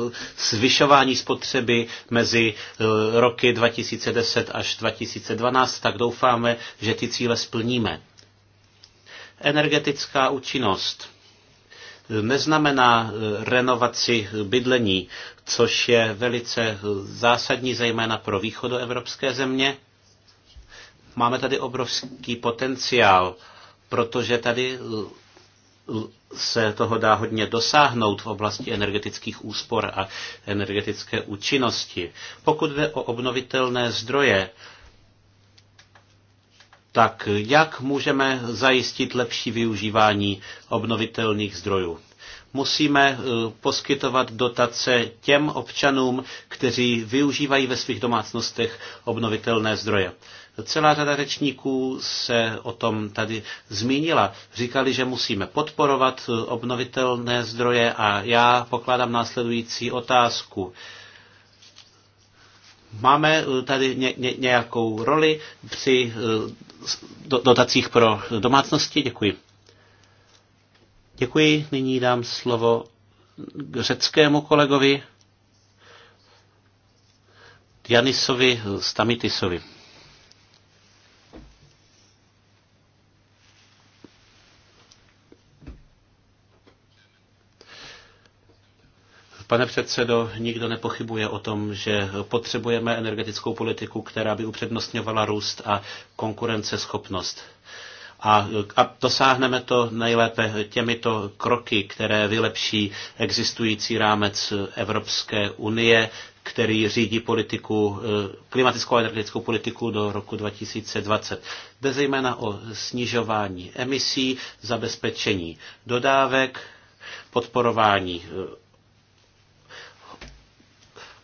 zvyšování spotřeby mezi eh, roky 2010 až 2012, tak doufáme, že ty cíle splníme. Energetická účinnost neznamená eh, renovaci bydlení, což je velice eh, zásadní zejména pro východoevropské země. Máme tady obrovský potenciál, protože tady eh, se toho dá hodně dosáhnout v oblasti energetických úspor a energetické účinnosti. Pokud jde o obnovitelné zdroje, tak jak můžeme zajistit lepší využívání obnovitelných zdrojů? Musíme eh, poskytovat dotace těm občanům, kteří využívají ve svých domácnostech obnovitelné zdroje. Celá řada řečníků se o tom tady zmínila. Říkali, že musíme podporovat eh, obnovitelné zdroje a já pokládám následující otázku. Máme eh, tady nějakou roli při dotacích pro domácnosti. Děkuji. Děkuji. Nyní dám slovo řeckému kolegovi Janisovi Stamitisovi. Pane předsedo, nikdo nepochybuje o tom, že potřebujeme energetickou politiku, která by upřednostňovala růst a konkurenceschopnost. A, a dosáhneme to nejlépe těmito kroky, které vylepší existující rámec Evropské unie, který řídí politiku, eh, klimatickou a energetickou politiku do roku 2020. Jde zejména o snižování emisí, zabezpečení dodávek, podporování eh,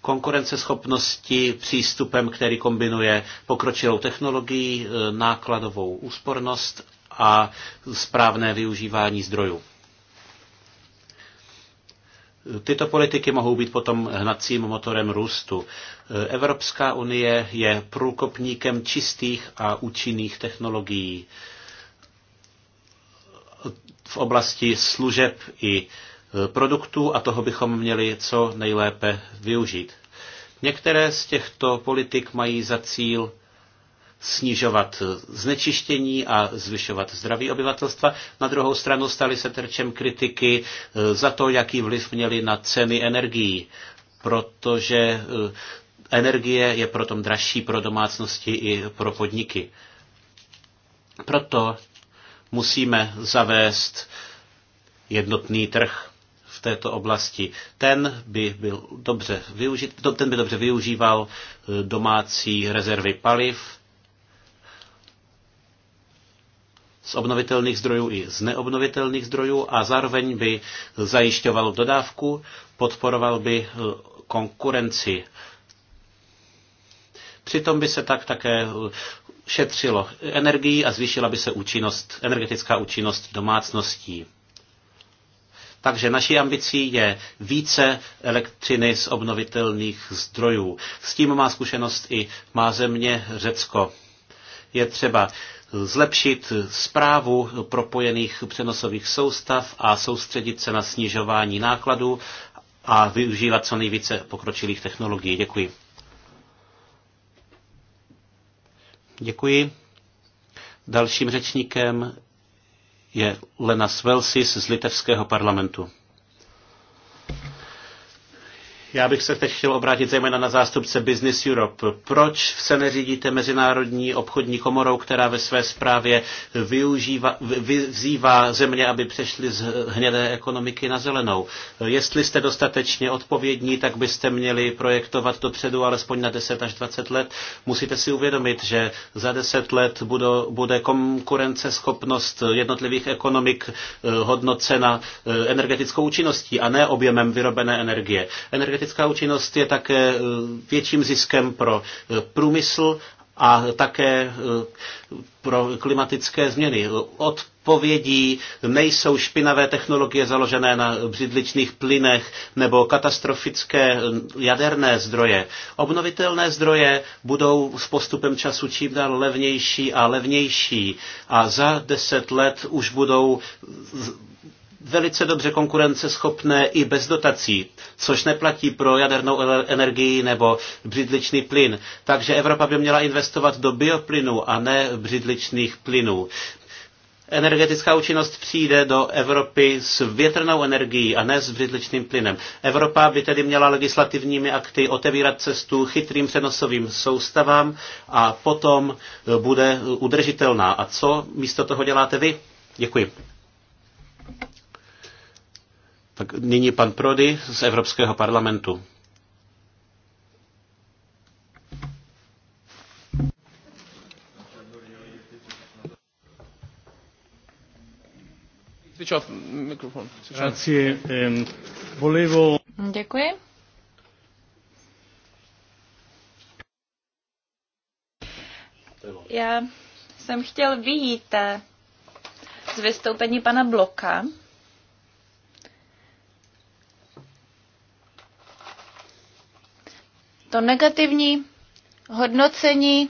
konkurenceschopnosti přístupem, který kombinuje pokročilou technologii, e, nákladovou úspornost a správné využívání zdrojů. Tyto politiky mohou být potom hnacím motorem růstu. E, Evropská unie je průkopníkem čistých a účinných technologií v oblasti služeb i produktů a toho bychom měli co nejlépe využít. Některé z těchto politik mají za cíl snižovat znečištění a zvyšovat zdraví obyvatelstva. Na druhou stranu staly se terčem kritiky eh, za to, jaký vliv měli na ceny energií, protože eh, energie je proto dražší pro domácnosti i pro podniky. Proto musíme zavést jednotný trh této oblasti, ten by, byl dobře využit, ten by dobře využíval e, domácí rezervy paliv z obnovitelných zdrojů i z neobnovitelných zdrojů a zároveň by zajišťoval dodávku, podporoval by e, konkurenci. Přitom by se tak také e, šetřilo energii a zvýšila by se účinnost, energetická účinnost domácností. Takže naší ambicí je více elektřiny z obnovitelných zdrojů. S tím má zkušenost i má země Řecko. Je třeba zlepšit zprávu propojených přenosových soustav a soustředit se na snižování nákladů a využívat co nejvíce pokročilých technologií. Děkuji. Děkuji. Dalším řečníkem je Lena Svelsis z litevského parlamentu. Já bych se teď chtěl obrátit zejména na zástupce Business Europe. Proč se neřídíte Mezinárodní obchodní komorou, která ve své zprávě využíva, vyzývá země, aby přešly z hnědé ekonomiky na zelenou? Jestli jste dostatečně odpovědní, tak byste měli projektovat dopředu alespoň na 10 až 20 let. Musíte si uvědomit, že za 10 let bude, bude konkurenceschopnost jednotlivých ekonomik eh, hodnocena eh, energetickou účinností a ne objemem vyrobené energie. Energetická energetická účinnost je také eh, větším ziskem pro eh, průmysl a také eh, pro klimatické změny. Povědí, nejsou špinavé technologie založené na břidličných plynech nebo katastrofické jaderné zdroje. Obnovitelné zdroje budou s postupem času čím dál levnější a levnější a za deset let už budou velice dobře konkurenceschopné i bez dotací, což neplatí pro jadernou energii nebo břidličný plyn. Takže Evropa by měla investovat do bioplynu a ne břidličných plynů. Energetická účinnost přijde do Evropy s větrnou energií a ne s břidličným plynem. Evropa by tedy měla legislativními akty otevírat cestu chytrým přenosovým soustavám a potom bude udržitelná. A co místo toho děláte vy? Děkuji. Tak nyní pan Prody z Evropského parlamentu. Ehm, Děkuji. Já jsem chtěl vyjít z vystoupení pana Bloka, to negativní hodnocení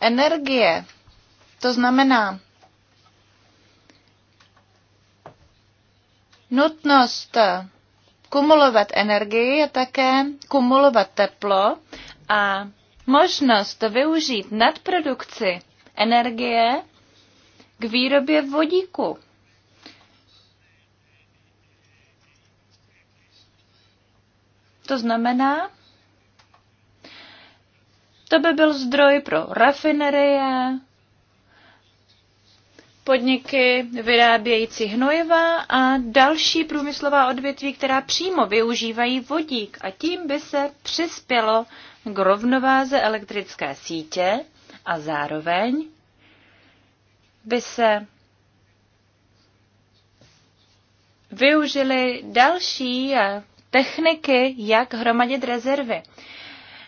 energie. To znamená nutnost kumulovat energii a také kumulovat teplo a možnost využít nadprodukci energie k výrobě vodíku. To znamená to by byl zdroj pro rafinerie, podniky vyrábějící hnojiva a další průmyslová odvětví, která přímo využívají vodík a tím by se přispělo k rovnováze elektrické sítě a zároveň by se využili další eh, techniky, jak hromadit rezervy.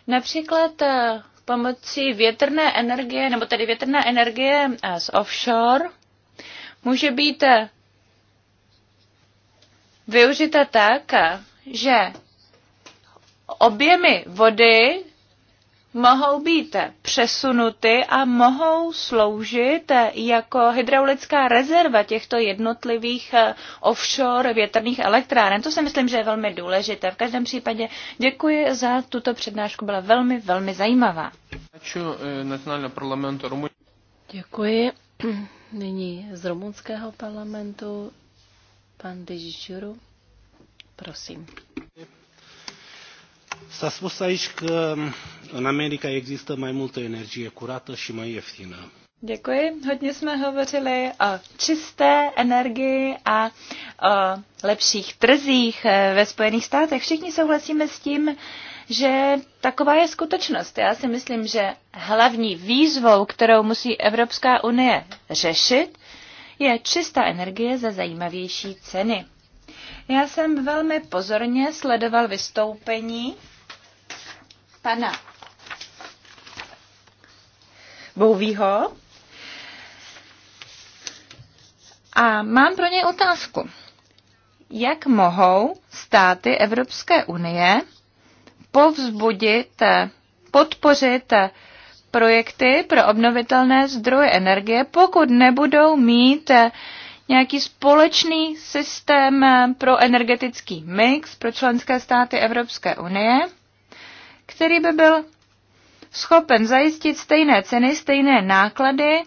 Například eh, pomocí větrné energie, nebo tedy větrná energie eh, z offshore, může být eh, využita tak, eh, že objemy vody mohou být přesunuty a mohou sloužit jako hydraulická rezerva těchto jednotlivých eh, offshore větrných elektráren. To si myslím, že je velmi důležité. V každém případě děkuji za tuto přednášku, byla velmi, velmi zajímavá. Eh, děkuji. Nyní z rumunského parlamentu pan Dežuru. Prosím. S-a spus aici că mm, în America există mai multă energie curată și mai ieftină. Děkuji. Hodně jsme hovořili o čisté energii a o e, lepších trzích e, ve Spojených státech. Všichni souhlasíme s tím, že taková je skutečnost. Já si myslím, že hlavní výzvou, kterou musí Evropská unie řešit, je čistá energie za zajímavější ceny. Já jsem velmi pozorně sledoval vystoupení pana Bouvího. A mám pro něj otázku. Jak mohou státy Evropské unie povzbudit, podpořit projekty pro obnovitelné zdroje energie, pokud nebudou mít nějaký společný systém pro energetický mix pro členské státy Evropské unie který by byl schopen zajistit stejné ceny, stejné náklady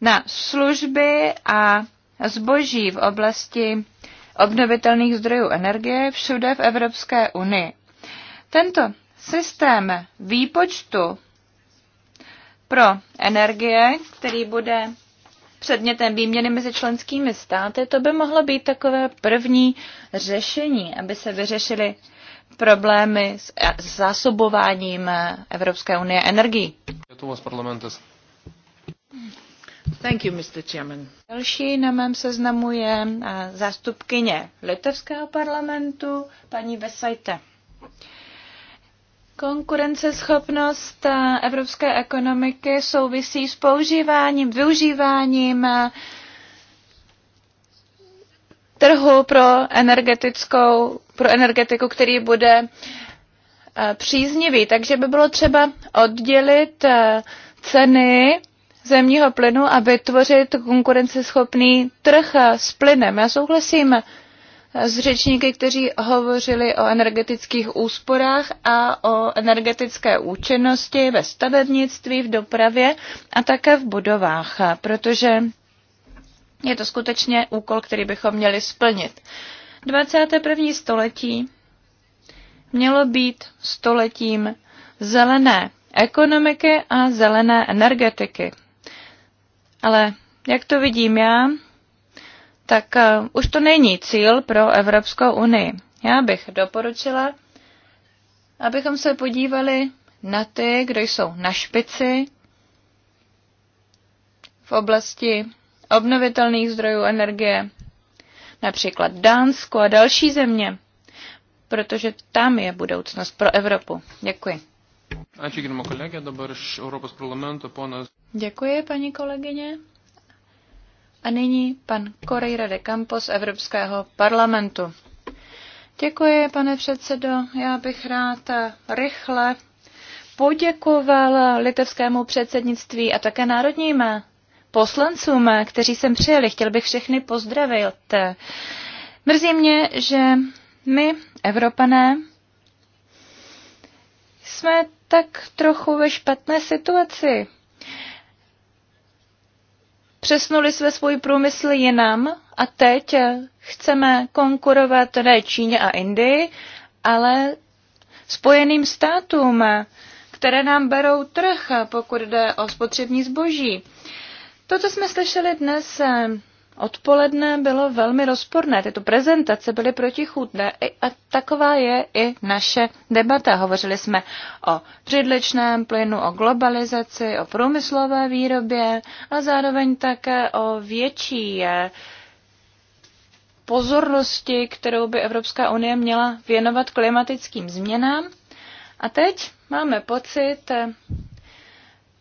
na služby a zboží v oblasti obnovitelných zdrojů energie všude v Evropské unii. Tento systém výpočtu pro energie, který bude předmětem výměny mezi členskými státy, to by mohlo být takové první řešení, aby se vyřešily problémy s zásobováním Evropské unie energií. Thank you, Mr. Chairman. Další na mém seznamu je eh, zástupkyně litevského parlamentu, paní Vesajte. Konkurenceschopnost eh, evropské ekonomiky souvisí s používáním, využíváním eh, trhu pro, energetickou, pro energetiku, který bude eh, příznivý. Takže by bylo třeba oddělit eh, ceny zemního plynu a vytvořit konkurenceschopný trh eh, s plynem. Já souhlasím s řečníky, kteří hovořili o energetických úsporách a o energetické účinnosti ve stavebnictví, v dopravě a také v budovách, protože je to skutečně úkol, který bychom měli splnit. 21. století mělo být stoletím zelené ekonomiky a zelené energetiky. Ale jak to vidím já, tak eh, už to není cíl pro Evropskou unii. Já bych doporučila, abychom se podívali na ty, kdo jsou na špici v oblasti obnovitelných zdrojů energie, například Dánsko a další země, protože tam je budoucnost pro Evropu. Děkuji. Děkuji, paní kolegyně. A nyní pan Correira de Campos Evropského parlamentu. Děkuji, pane předsedo. Já bych rád rychle poděkoval litevskému předsednictví a také národním poslancům, eh, kteří sem přijeli. Chtěl bych všechny pozdravit. Mrzí mě, že my, Evropané, jsme tak trochu ve špatné situaci. Přesnuli jsme svůj průmysl jinam a teď eh, chceme konkurovat ne Číně a Indii, ale Spojeným státům, eh, které nám berou trh, pokud jde o spotřební zboží. To, co jsme slyšeli dnes eh, odpoledne, bylo velmi rozporné. Tyto prezentace byly protichůdné a taková je i naše debata. Hovořili jsme o přidličném plynu, o globalizaci, o průmyslové výrobě a zároveň také o větší eh, pozornosti, kterou by Evropská unie měla věnovat klimatickým změnám. A teď máme pocit, eh,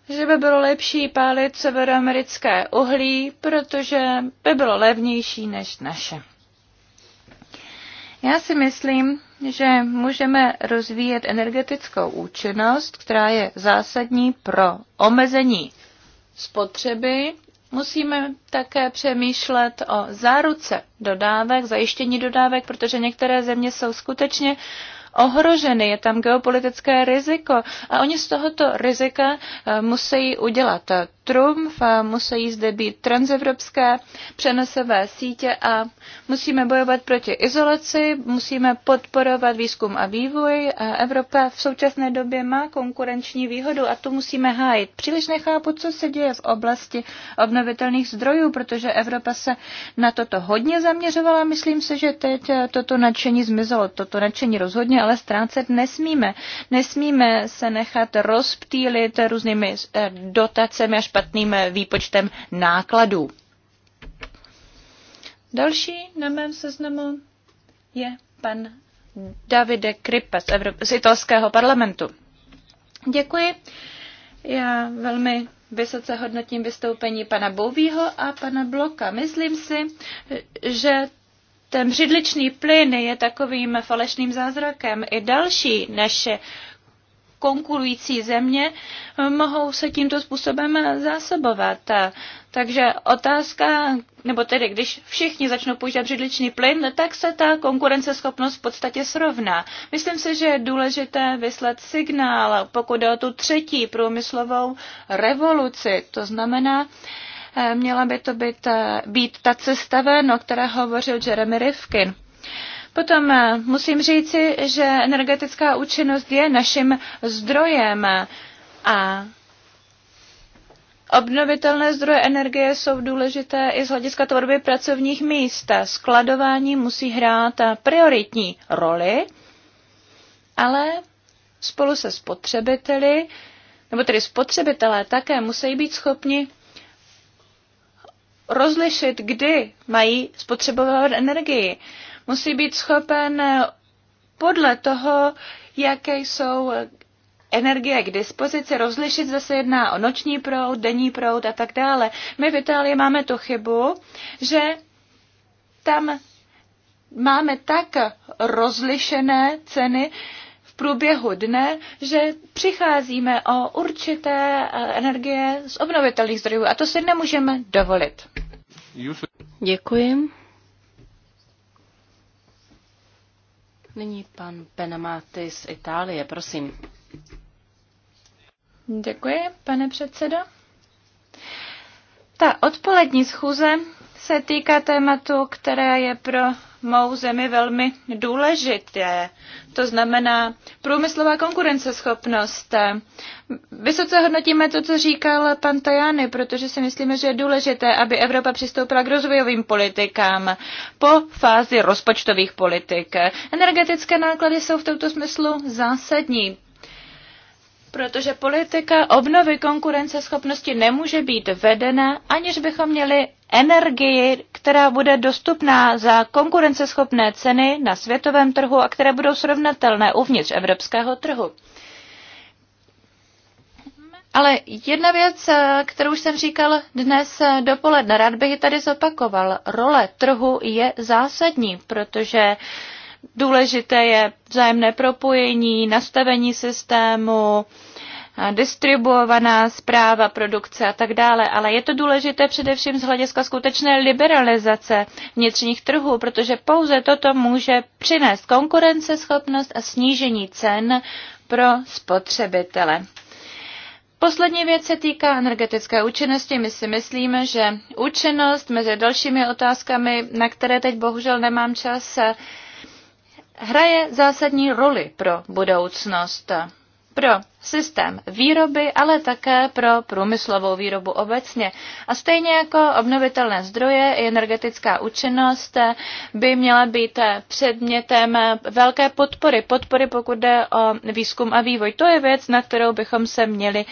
že by bylo lepší pálit severoamerické uhlí, protože by bylo levnější než naše. Já si myslím, že můžeme rozvíjet energetickou účinnost, která je zásadní pro omezení spotřeby. Musíme také přemýšlet o záruce dodávek, zajištění dodávek, protože některé země jsou skutečně ohroženy, je tam geopolitické riziko a oni z tohoto rizika eh, musí udělat trumf, musí zde být transevropské přenosové sítě a musíme bojovat proti izolaci, musíme podporovat výzkum a vývoj. A Evropa v současné době má konkurenční výhodu a tu musíme hájit. Příliš nechápu, co se děje v oblasti obnovitelných zdrojů, protože Evropa se na toto hodně zaměřovala. Myslím si, že teď toto nadšení zmizelo. Toto nadšení rozhodně, ale ztrácet nesmíme. Nesmíme se nechat rozptýlit různými eh, dotacemi až špatným výpočtem nákladů. Další na mém seznamu je pan Davide Kripa z, Evrop- z italského parlamentu. Děkuji. Já velmi vysoce hodnotím vystoupení pana Bouvího a pana Bloka. Myslím si, že ten břidličný plyn je takovým falešným zázrakem. I další naše konkurující země mohou se tímto způsobem zásobovat. Takže otázka, nebo tedy když všichni začnou používat břidličný plyn, tak se ta konkurenceschopnost v podstatě srovná. Myslím si, že je důležité vyslat signál, pokud jde o tu třetí průmyslovou revoluci. To znamená, eh, měla by to být, eh, být ta cesta ven, o které hovořil Jeremy Rifkin. Potom eh, musím říci, že energetická účinnost je naším zdrojem a Obnovitelné zdroje energie jsou důležité i z hlediska tvorby pracovních míst. Skladování musí hrát prioritní roli, ale spolu se spotřebiteli, nebo tedy spotřebitelé také musí být schopni rozlišit, kdy mají spotřebovat energii musí být schopen eh, podle toho, jaké jsou energie k dispozici, rozlišit, zase jedná o noční proud, denní proud a tak dále. My v Itálii máme tu chybu, že tam máme tak rozlišené ceny v průběhu dne, že přicházíme o určité eh, energie z obnovitelných zdrojů a to si nemůžeme dovolit. Děkuji. Nyní pan Penamáty z Itálie, prosím. Děkuji, pane předsedo. Ta odpolední schůze se týká tématu, které je pro mou zemi velmi důležité. To znamená průmyslová konkurenceschopnost. Vysoce hodnotíme to, co říkal pan Tajany, protože si myslíme, že je důležité, aby Evropa přistoupila k rozvojovým politikám po fázi rozpočtových politik. Energetické náklady jsou v tomto smyslu zásadní protože politika obnovy konkurenceschopnosti nemůže být vedena, aniž bychom měli energii, která bude dostupná za konkurenceschopné ceny na světovém trhu a které budou srovnatelné uvnitř evropského trhu. Ale jedna věc, kterou už jsem říkal dnes dopoledne, rád bych ji tady zopakoval. Role trhu je zásadní, protože důležité je vzájemné propojení, nastavení systému, distribuovaná zpráva produkce a tak dále, ale je to důležité především z hlediska skutečné liberalizace vnitřních trhů, protože pouze toto může přinést konkurenceschopnost a snížení cen pro spotřebitele. Poslední věc se týká energetické účinnosti. My si myslíme, že účinnost mezi dalšími otázkami, na které teď bohužel nemám čas, hraje zásadní roli pro budoucnost pro systém výroby, ale také pro průmyslovou výrobu obecně. A stejně jako obnovitelné zdroje i energetická účinnost by měla být předmětem velké podpory. Podpory, pokud jde o výzkum a vývoj. To je věc, na kterou bychom se měli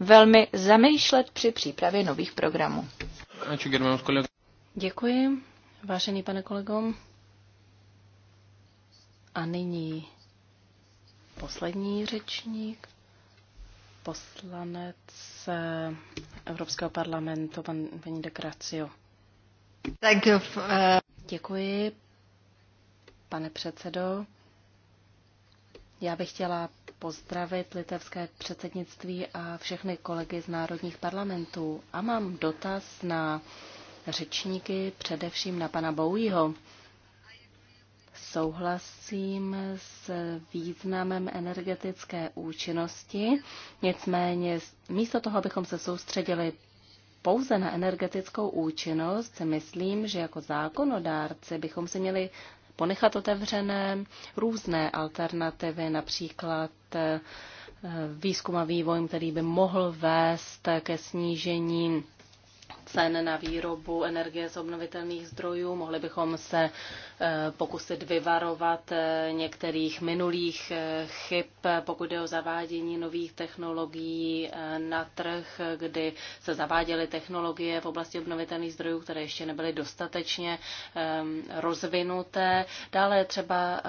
velmi zamýšlet při přípravě nových programů. Děkuji, vážený pane kolego. A nyní poslední řečník, poslanec eh, Evropského parlamentu, pan, paní de Gracio. Thank you. Eh. Děkuji, pane předsedo. Já bych chtěla pozdravit litevské předsednictví a všechny kolegy z národních parlamentů. A mám dotaz na řečníky, především na pana Bouího souhlasím s významem energetické účinnosti, nicméně místo toho, abychom se soustředili pouze na energetickou účinnost, myslím, že jako zákonodárci bychom si měli ponechat otevřené různé alternativy, například eh, výzkum a vývoj, který by mohl vést ke snížení cen na výrobu energie z obnovitelných zdrojů. Mohli bychom se eh, pokusit vyvarovat eh, některých minulých eh, chyb, pokud jde o zavádění nových technologií na trh, kdy se zaváděly technologie v oblasti obnovitelných zdrojů, které ještě nebyly dostatečně ehm, rozvinuté. Dále třeba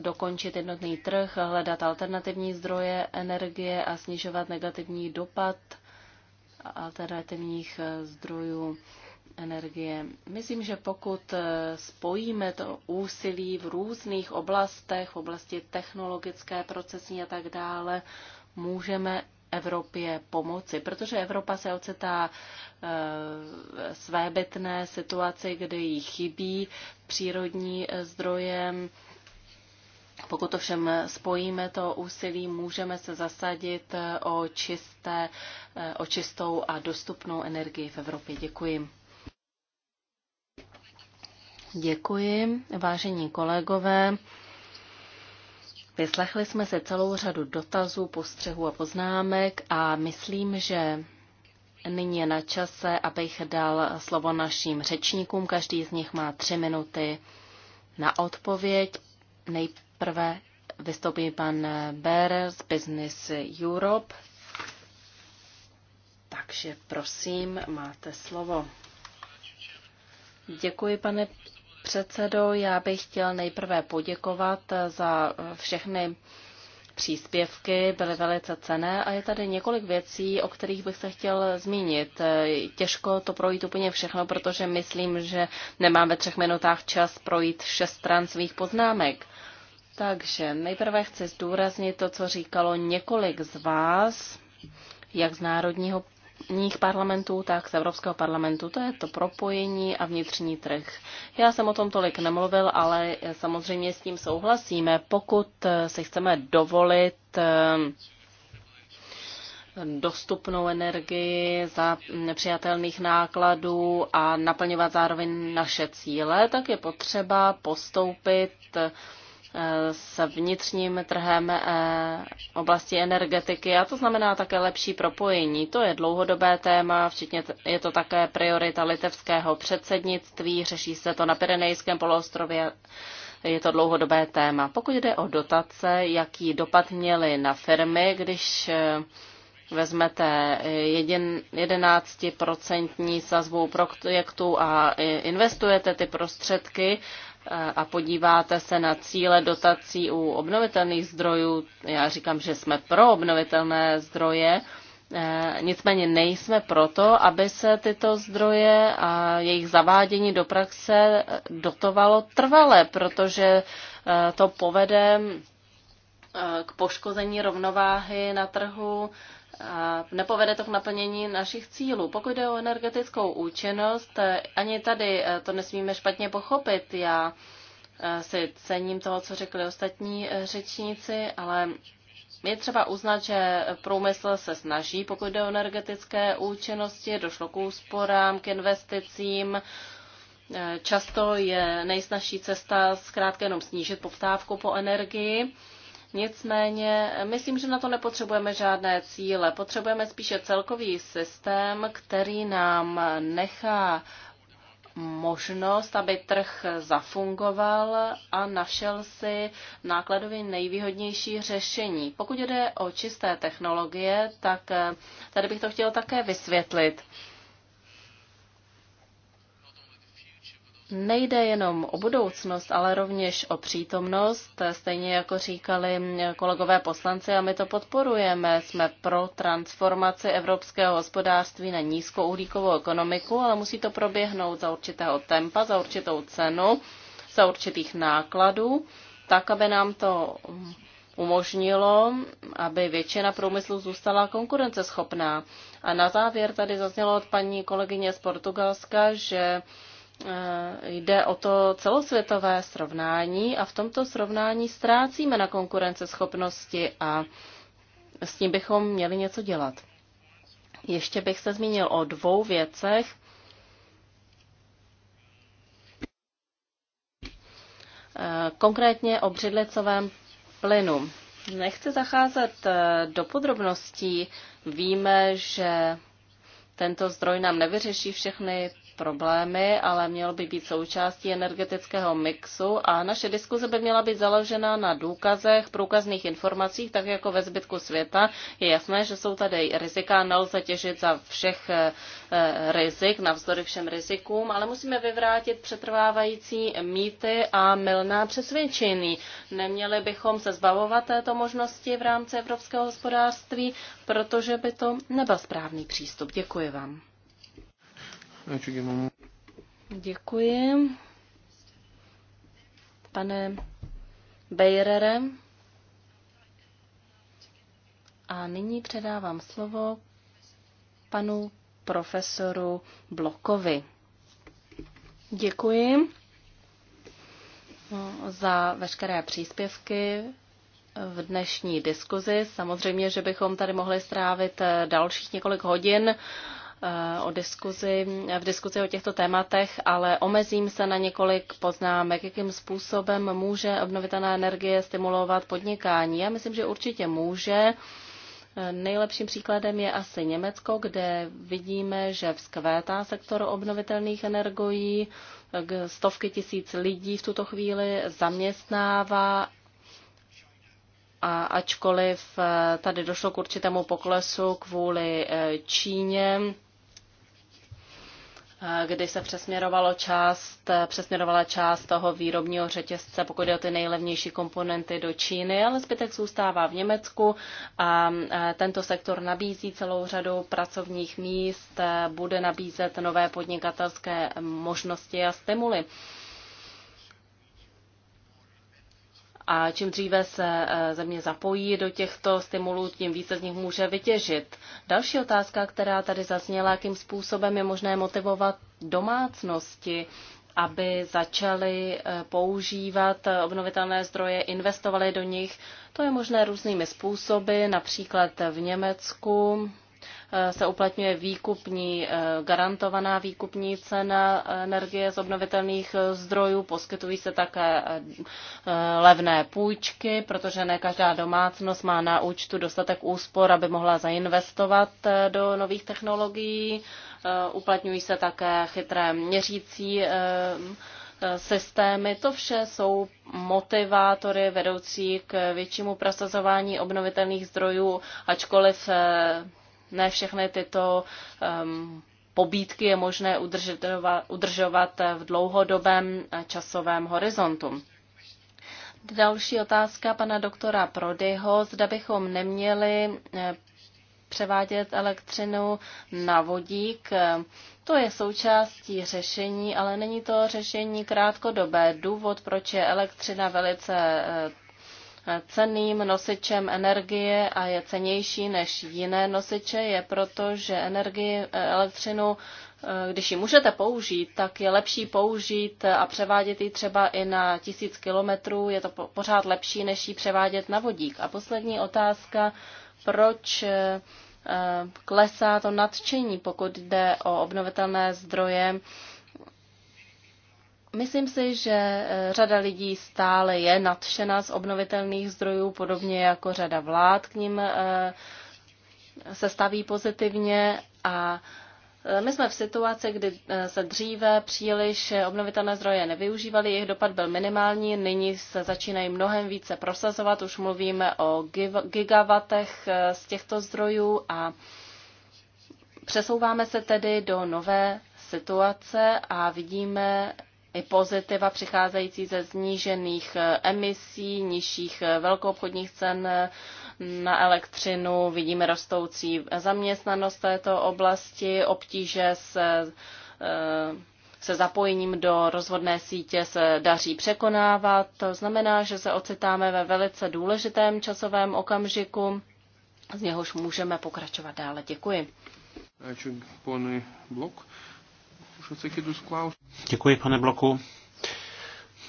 dokončit jednotný trh, hledat alternativní zdroje energie a snižovat negativní dopad alternativních eh, zdrojů energie. Myslím, že pokud eh, spojíme to úsilí v různých oblastech, v oblasti technologické, procesní a tak dále, můžeme Evropě pomoci, protože Evropa se ocitá e, svébytné situaci, kdy jí chybí přírodní zdroje, pokud to všem spojíme to úsilí, můžeme se zasadit eh, o, čisté, eh, o čistou a dostupnou energii v Evropě. Děkuji. Děkuji, vážení kolegové. Vyslechli jsme se celou řadu dotazů, postřehů a poznámek a myslím, že nyní je na čase, abych dal slovo našim řečníkům. Každý z nich má tři minuty na odpověď. Nejprve Nejprve vystoupí pan Ber z Business Europe. Takže prosím, máte slovo. Děkuji, pane předsedo. Já bych chtěl nejprve poděkovat za všechny příspěvky byly velice cené a je tady několik věcí, o kterých bych se chtěl zmínit. Těžko to projít úplně všechno, protože myslím, že nemám ve třech minutách čas projít šest stran svých poznámek. Takže nejprve chci zdůraznit to, co říkalo několik z vás, jak z národního parlamentů, tak z Evropského parlamentu. To je to propojení a vnitřní trh. Já jsem o tom tolik nemluvil, ale samozřejmě s tím souhlasíme. Pokud si chceme dovolit eh, dostupnou energii za nepřijatelných nákladů a naplňovat zároveň naše cíle, tak je potřeba postoupit s vnitřním trhem eh, oblasti energetiky a to znamená také lepší propojení. To je dlouhodobé téma, včetně je to také priorita litevského předsednictví, řeší se to na Pirenejském poloostrově, je to dlouhodobé téma. Pokud jde o dotace, jaký dopad měly na firmy, když eh, vezmete 11% eh, sazbu projektu a investujete ty prostředky a podíváte se na cíle dotací u obnovitelných zdrojů, já říkám, že jsme pro obnovitelné zdroje, e, Nicméně nejsme proto, aby se tyto zdroje a jejich zavádění do praxe dotovalo trvale, protože e, to povede e, k poškození rovnováhy na trhu nepovede to k naplnění našich cílů. Pokud jde o energetickou účinnost, eh, ani tady eh, to nesmíme špatně pochopit. Já eh, si cením toho, co řekli ostatní řečníci, ale je třeba uznat, že průmysl se snaží, pokud jde o energetické účinnosti, došlo k úsporám, k investicím. Často je nejsnažší cesta zkrátka jenom snížit poptávku po energii Nicméně myslím, že na to nepotřebujeme žádné cíle. Potřebujeme spíše celkový systém, který nám nechá možnost, aby trh zafungoval a našel si nákladově nejvýhodnější řešení. Pokud jde o čisté technologie, tak eh, tady bych to chtěl také vysvětlit. nejde jenom o budoucnost, ale rovněž o přítomnost, stejně jako říkali kolegové poslanci a my to podporujeme. Jsme pro transformaci evropského hospodářství na nízkouhlíkovou ekonomiku, ale musí to proběhnout za určitého tempa, za určitou cenu, za určitých nákladů, tak, aby nám to umožnilo, aby většina průmyslu zůstala konkurenceschopná. A na závěr tady zaznělo od paní kolegyně z Portugalska, že Eh, jde o to celosvětové srovnání a v tomto srovnání ztrácíme na konkurenceschopnosti a s tím bychom měli něco dělat. Ještě bych se zmínil o dvou věcech. Eh, konkrétně o břidlicovém plynu. Nechci zacházet eh, do podrobností. Víme, že tento zdroj nám nevyřeší všechny problémy, ale mělo by být součástí energetického mixu a naše diskuze by měla být založena na důkazech, průkazných informacích, tak jako ve zbytku světa. Je jasné, že jsou tady rizika, nelze těžit za všech eh, rizik, navzdory všem rizikům, ale musíme vyvrátit přetrvávající mýty a milná přesvědčení. Neměli bychom se zbavovat této možnosti v rámci evropského hospodářství, protože by to nebyl správný přístup. Děkuji vám. Děkuji. Pane Bejrere. A nyní předávám slovo panu profesoru Blokovi. Děkuji za veškeré příspěvky v dnešní diskuzi. Samozřejmě, že bychom tady mohli strávit dalších několik hodin Eh, o diskuzi, v diskuzi o těchto tématech, ale omezím se na několik poznámek, jakým způsobem může obnovitelná energie stimulovat podnikání. Já myslím, že určitě může. Nejlepším příkladem je asi Německo, kde vidíme, že vzkvétá sektor obnovitelných energií, eh, stovky tisíc lidí v tuto chvíli zaměstnává a ačkoliv eh, tady došlo k určitému poklesu kvůli Číně, kdy se přesměrovalo část, přesměrovala část toho výrobního řetězce, pokud je o ty nejlevnější komponenty do Číny, ale zbytek zůstává v Německu a tento sektor nabízí celou řadu pracovních míst, bude nabízet nové podnikatelské možnosti a stimuly. a čím dříve se e, země zapojí do těchto stimulů, tím více z nich může vytěžit. Další otázka, která tady zazněla, jakým způsobem je možné motivovat domácnosti, aby začaly e, používat e, obnovitelné zdroje, investovali do nich. To je možné různými způsoby, například v Německu Eh, se uplatňuje výkupní, eh, garantovaná výkupní cena energie z obnovitelných eh, zdrojů. Poskytují se také levné půjčky, protože ne každá domácnost má na účtu dostatek úspor, aby mohla zainvestovat do nových technologií. Uplatňují se také chytré měřící systémy. To vše jsou motivátory vedoucí k většímu prosazování obnovitelných zdrojů, ačkoliv ne všechny tyto um, pobídky je možné udržovat v dlouhodobém časovém horizontu. Další otázka pana doktora Prodyho. Zda bychom neměli eh, převádět elektřinu na vodík. To je součástí řešení, ale není to řešení krátkodobé. Důvod, proč je elektřina velice eh, ceným nosičem energie a je cenější než jiné nosiče, je proto, že energii, eh, elektřinu, eh, když ji můžete použít, tak je lepší použít a převádět ji třeba i na tisíc kilometrů, je to pořád lepší, než ji převádět na vodík. A poslední otázka, proč eh, klesá to nadšení, pokud jde o obnovitelné zdroje Myslím si, že eh, řada lidí stále je nadšena z obnovitelných zdrojů, podobně jako řada vlád k ním eh, se staví pozitivně a eh, my jsme v situaci, kdy se dříve příliš obnovitelné zdroje nevyužívaly, jejich dopad byl minimální, nyní se začínají mnohem více prosazovat, už mluvíme o gigavatech z těchto zdrojů a přesouváme se tedy do nové situace a vidíme, i pozitiva přicházející ze znížených eh, emisí, nižších eh, velkoobchodních cen eh, na elektřinu, vidíme rostoucí zaměstnanost této oblasti, obtíže se, se zapojením do rozvodné sítě se daří překonávat. To znamená, že se ocitáme ve velice důležitém časovém okamžiku, z něhož můžeme pokračovat dále. Děkuji. Ačiū ponui Blok. Děkuji, pane Bloku.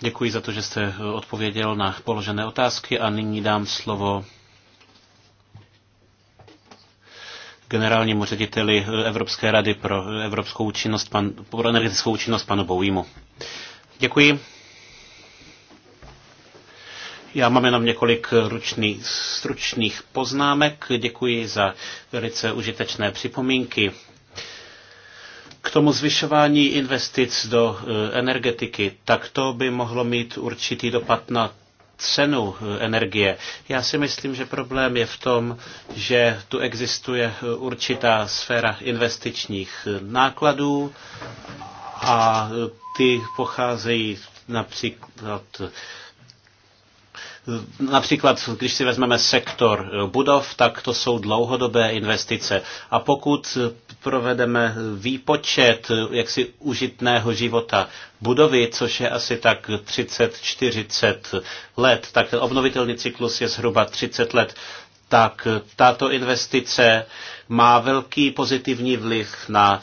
Děkuji za to, že jste eh, odpověděl na položené otázky a nyní dám slovo generálnímu řediteli eh, Evropské rady pro eh, evropskou účinnost, pan, pro energetickou účinnost panu Bouvímu. Děkuji. Já mám jenom několik ručných, stručných poznámek. Děkuji za velice užitečné připomínky k tomu zvyšování investic do e, energetiky, tak to by mohlo mít určitý dopad na cenu e, energie. Já si myslím, že problém je v tom, že tu existuje e, určitá sféra investičních nákladů a ty pocházejí například Například, když si vezmeme sektor eh, budov, tak to jsou dlouhodobé investice. A pokud eh, provedeme výpočet eh, jaksi užitného života budovy, což je asi tak 30-40 let, tak ten obnovitelný cyklus je zhruba 30 let, tak tato investice má velký pozitivní vliv na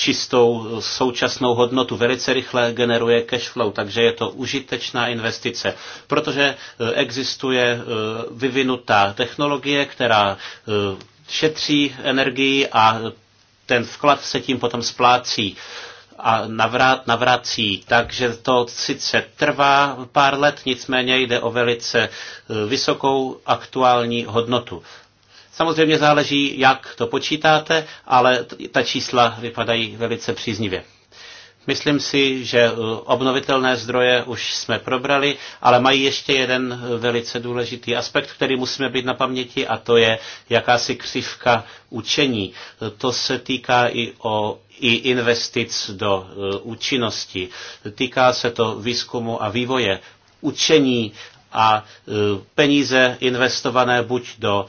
čistou současnou hodnotu, velice rychle generuje cash flow, takže je to užitečná investice, protože eh, existuje eh, vyvinutá technologie, která eh, šetří energii a ten vklad se tím potom splácí a navrát, navrací. Takže to sice trvá pár let, nicméně jde o velice vysokou aktuální hodnotu. Samozřejmě záleží, jak to počítáte, ale ta čísla vypadají velice příznivě. Myslím si, že e, obnovitelné zdroje už jsme probrali, ale mají ještě jeden e, velice důležitý aspekt, který musíme být na paměti, a to je jakási křivka učení. E, to se týká i, o, i investic do účinnosti. Týká se to výzkumu a vývoje, učení a peníze investované buď do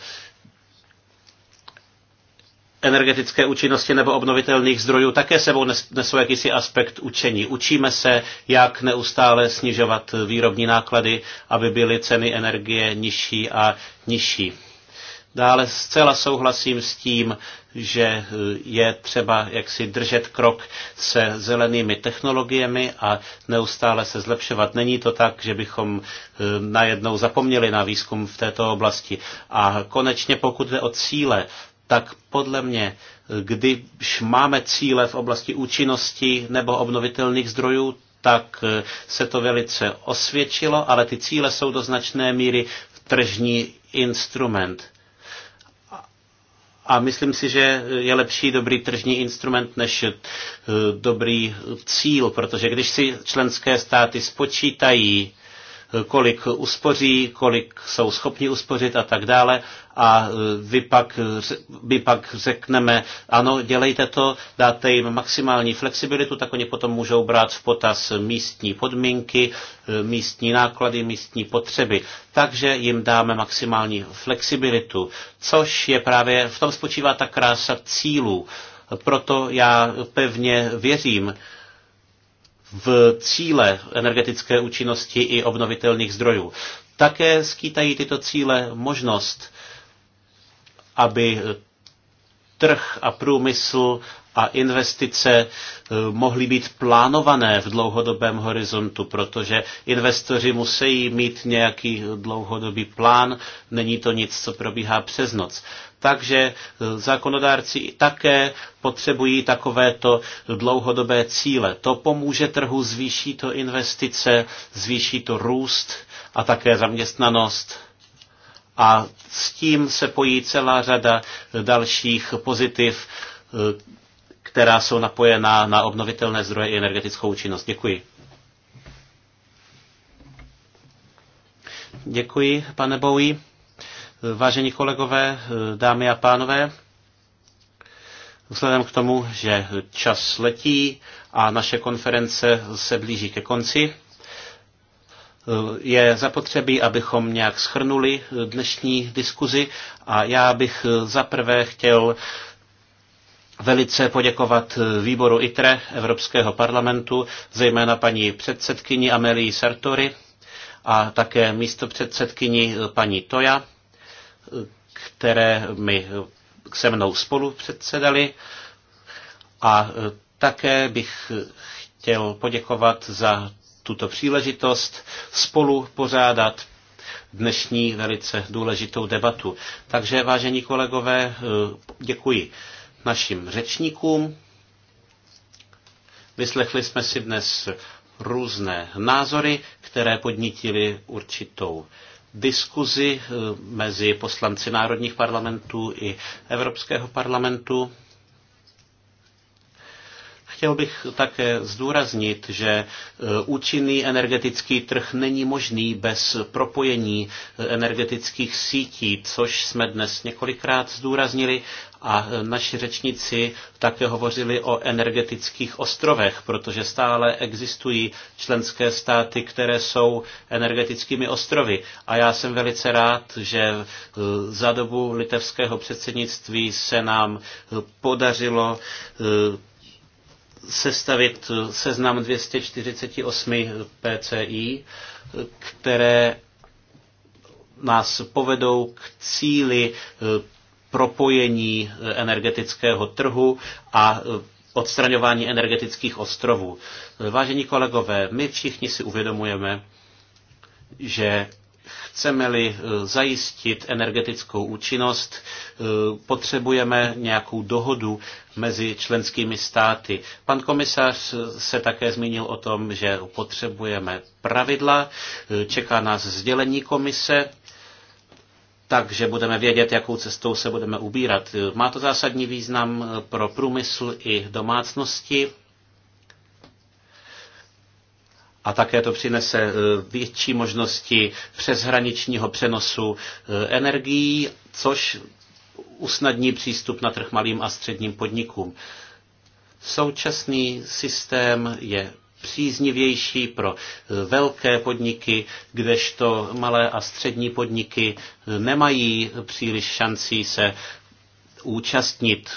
energetické účinnosti nebo obnovitelných zdrojů také sebou nesou jakýsi aspekt učení. Učíme se, jak neustále snižovat výrobní náklady, aby byly ceny energie nižší a nižší. Dále zcela souhlasím s tím, že eh, je třeba jaksi držet krok se zelenými technologiemi a neustále se zlepšovat. Není to tak, že bychom eh, najednou zapomněli na výzkum v této oblasti. A konečně pokud jde o cíle, tak podle mě, když máme cíle v oblasti účinnosti nebo obnovitelných zdrojů, tak eh, se to velice osvědčilo, ale ty cíle jsou do značné míry tržní instrument. A myslím si, že je lepší dobrý tržní instrument než eh, dobrý cíl, protože když si členské státy spočítají, kolik uspoří, kolik jsou schopni uspořit a tak dále. A e, vy pak, my pak řekneme, ano, dělejte to, dáte jim maximální flexibilitu, tak oni potom můžou brát v potaz místní podmínky, e, místní náklady, místní potřeby. Takže jim dáme maximální flexibilitu, což je právě, v tom spočívá ta krása cílů. Proto já pevně věřím, v cíle energetické účinnosti i obnovitelných zdrojů. Také skýtají tyto cíle možnost, aby trh a průmysl a investice eh, mohly být plánované v dlouhodobém horizontu, protože investoři musí mít nějaký dlouhodobý plán, není to nic, co probíhá přes noc. Takže eh, zákonodárci také potřebují takovéto dlouhodobé cíle. To pomůže trhu, zvýší to investice, zvýší to růst a také zaměstnanost a s tím se pojí celá řada dalších pozitiv, eh, která jsou napojená na obnovitelné zdroje i energetickou účinnost. Děkuji. Děkuji, pane Bowie. Vážení kolegové, eh, dámy a pánové, vzhledem k tomu, že čas letí a naše konference se blíží ke konci, je zapotřebí, abychom nějak schrnuli dnešní diskuzi a já bych zaprvé chtěl velice poděkovat výboru ITRE Evropského parlamentu, zejména paní předsedkyni Amelii Sartori a také místo předsedkyni paní Toja, které mi se mnou spolu předsedali. A také bych chtěl poděkovat za tuto příležitost spolu pořádat dnešní velice důležitou debatu. Takže, vážení kolegové, eh, děkuji našim řečníkům. Vyslechli jsme si dnes různé názory, které podnítily určitou diskuzi eh, mezi poslanci národních parlamentů i Evropského parlamentu. Chtěl bych také zdůraznit, že e, účinný energetický trh není možný bez propojení e, energetických sítí, což jsme dnes několikrát zdůraznili a e, naši řečníci také hovořili o energetických ostrovech, protože stále existují členské státy, které jsou energetickými ostrovy. A já jsem velice rád, že za dobu litevského předsednictví se nám podařilo sestavit seznam 248 PCI, které nás povedou k cíli eh, propojení eh, energetického trhu a eh, odstraňování energetických ostrovů. Vážení kolegové, my všichni si uvědomujeme, že Chceme-li eh, zajistit energetickou účinnost, eh, potřebujeme nějakou dohodu mezi členskými státy. Pan komisař eh, se také zmínil o tom, že potřebujeme pravidla, čeká nás sdělení komise, takže budeme vědět, jakou cestou se budeme ubírat. Má to zásadní význam pro průmysl i domácnosti a také to přinese eh, větší možnosti přeshraničního přenosu eh, energií, což usnadní přístup na trh malým a středním podnikům. Současný systém je příznivější pro eh, velké podniky, kdežto malé a střední podniky nemají příliš šancí se účastnit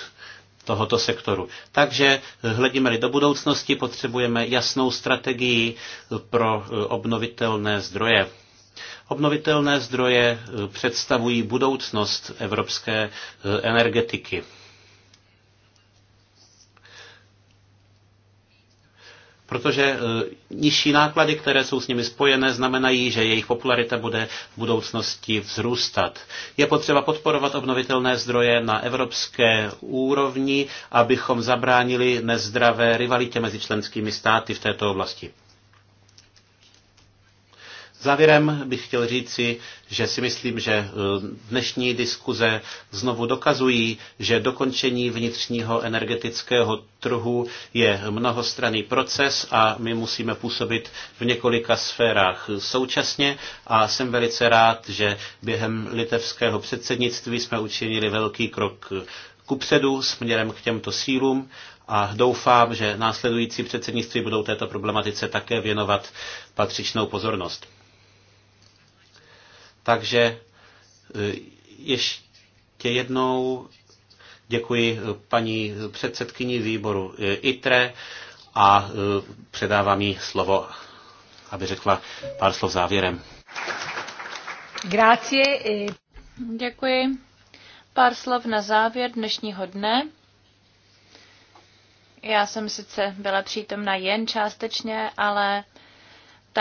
tohoto sektoru. Takže eh, hledíme-li do budoucnosti, potřebujeme jasnou strategii eh, pro eh, obnovitelné zdroje. Obnovitelné zdroje představují budoucnost evropské energetiky. protože e, nižší náklady, které jsou s nimi spojené, znamenají, že jejich popularita bude v budoucnosti vzrůstat. Je potřeba podporovat obnovitelné zdroje na evropské úrovni, abychom zabránili nezdravé rivalitě mezi členskými státy v této oblasti. Závěrem bych chtěl říci, že si myslím, že eh, dnešní diskuze znovu dokazují, že dokončení vnitřního energetického trhu je mnohostranný proces a my musíme působit v několika sférách současně a jsem velice rád, že během litevského předsednictví jsme učinili velký krok eh, kupředu směrem k těmto sílům a doufám, že následující předsednictví budou této problematice také věnovat patřičnou pozornost. Takže eh, ještě jednou děkuji eh, paní předsedkyni výboru eh, ITRE a předávám jí slovo, aby řekla pár slov závěrem. Grácie. Děkuji. Pár slov na závěr dnešního dne. Já jsem sice byla přítomna jen částečně, ale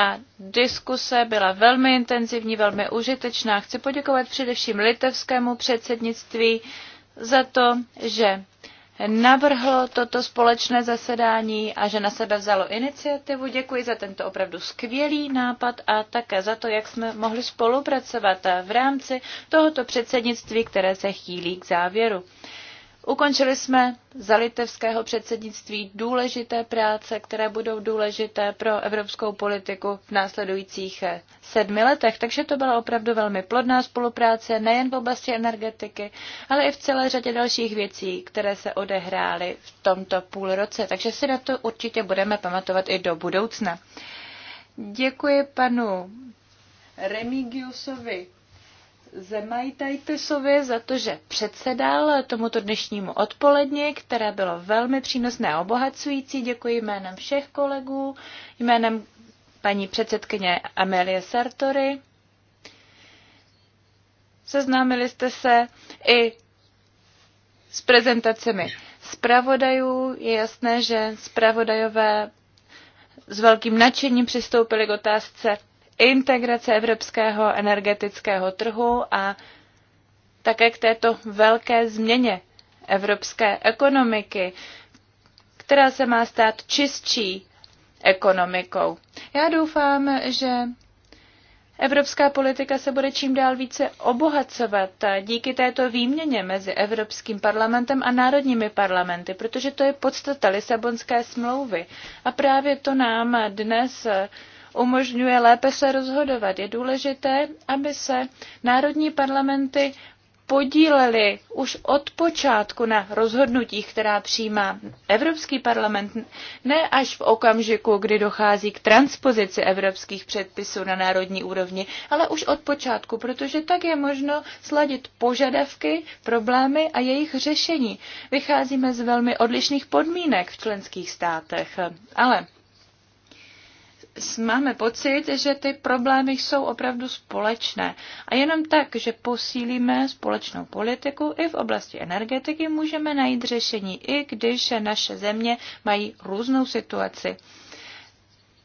ta diskuse byla velmi intenzivní, velmi užitečná. Chci poděkovat především litevskému předsednictví za to, že navrhlo toto společné zasedání a že na sebe vzalo iniciativu. Děkuji za tento opravdu skvělý nápad a také za to, jak jsme mohli spolupracovat v rámci tohoto předsednictví, které se chýlí k závěru. Ukončili jsme za litevského předsednictví důležité práce, které budou důležité pro evropskou politiku v následujících eh, sedmi letech. Takže to byla opravdu velmi plodná spolupráce nejen v oblasti energetiky, ale i v celé řadě dalších věcí, které se odehrály v tomto půl roce. Takže si na to určitě budeme pamatovat i do budoucna. Děkuji panu Remigiusovi Zemajtajtisovi za to, že předsedal tomuto dnešnímu odpoledni, které bylo velmi přínosné a obohacující. Děkuji jménem všech kolegů, jménem paní předsedkyně Amelie Sartory. Seznámili jste se i s prezentacemi zpravodajů. Je jasné, že zpravodajové s velkým nadšením přistoupili k otázce integrace evropského energetického trhu a také k této velké změně evropské ekonomiky, která se má stát čistší ekonomikou. Já doufám, že Evropská politika se bude čím dál více obohacovat díky této výměně mezi Evropským parlamentem a národními parlamenty, protože to je podstata Lisabonské smlouvy. A právě to nám dnes umožňuje lépe se rozhodovat. Je důležité, aby se národní parlamenty podíleli už od počátku na rozhodnutích, která přijímá Evropský parlament, ne až v okamžiku, kdy dochází k transpozici evropských předpisů na národní úrovni, ale už od počátku, protože tak je možno sladit požadavky, problémy a jejich řešení. Vycházíme z velmi odlišných podmínek v členských státech, ale máme pocit, že ty problémy jsou opravdu společné. A jenom tak, že posílíme společnou politiku i v oblasti energetiky, můžeme najít řešení, i když naše země mají různou situaci.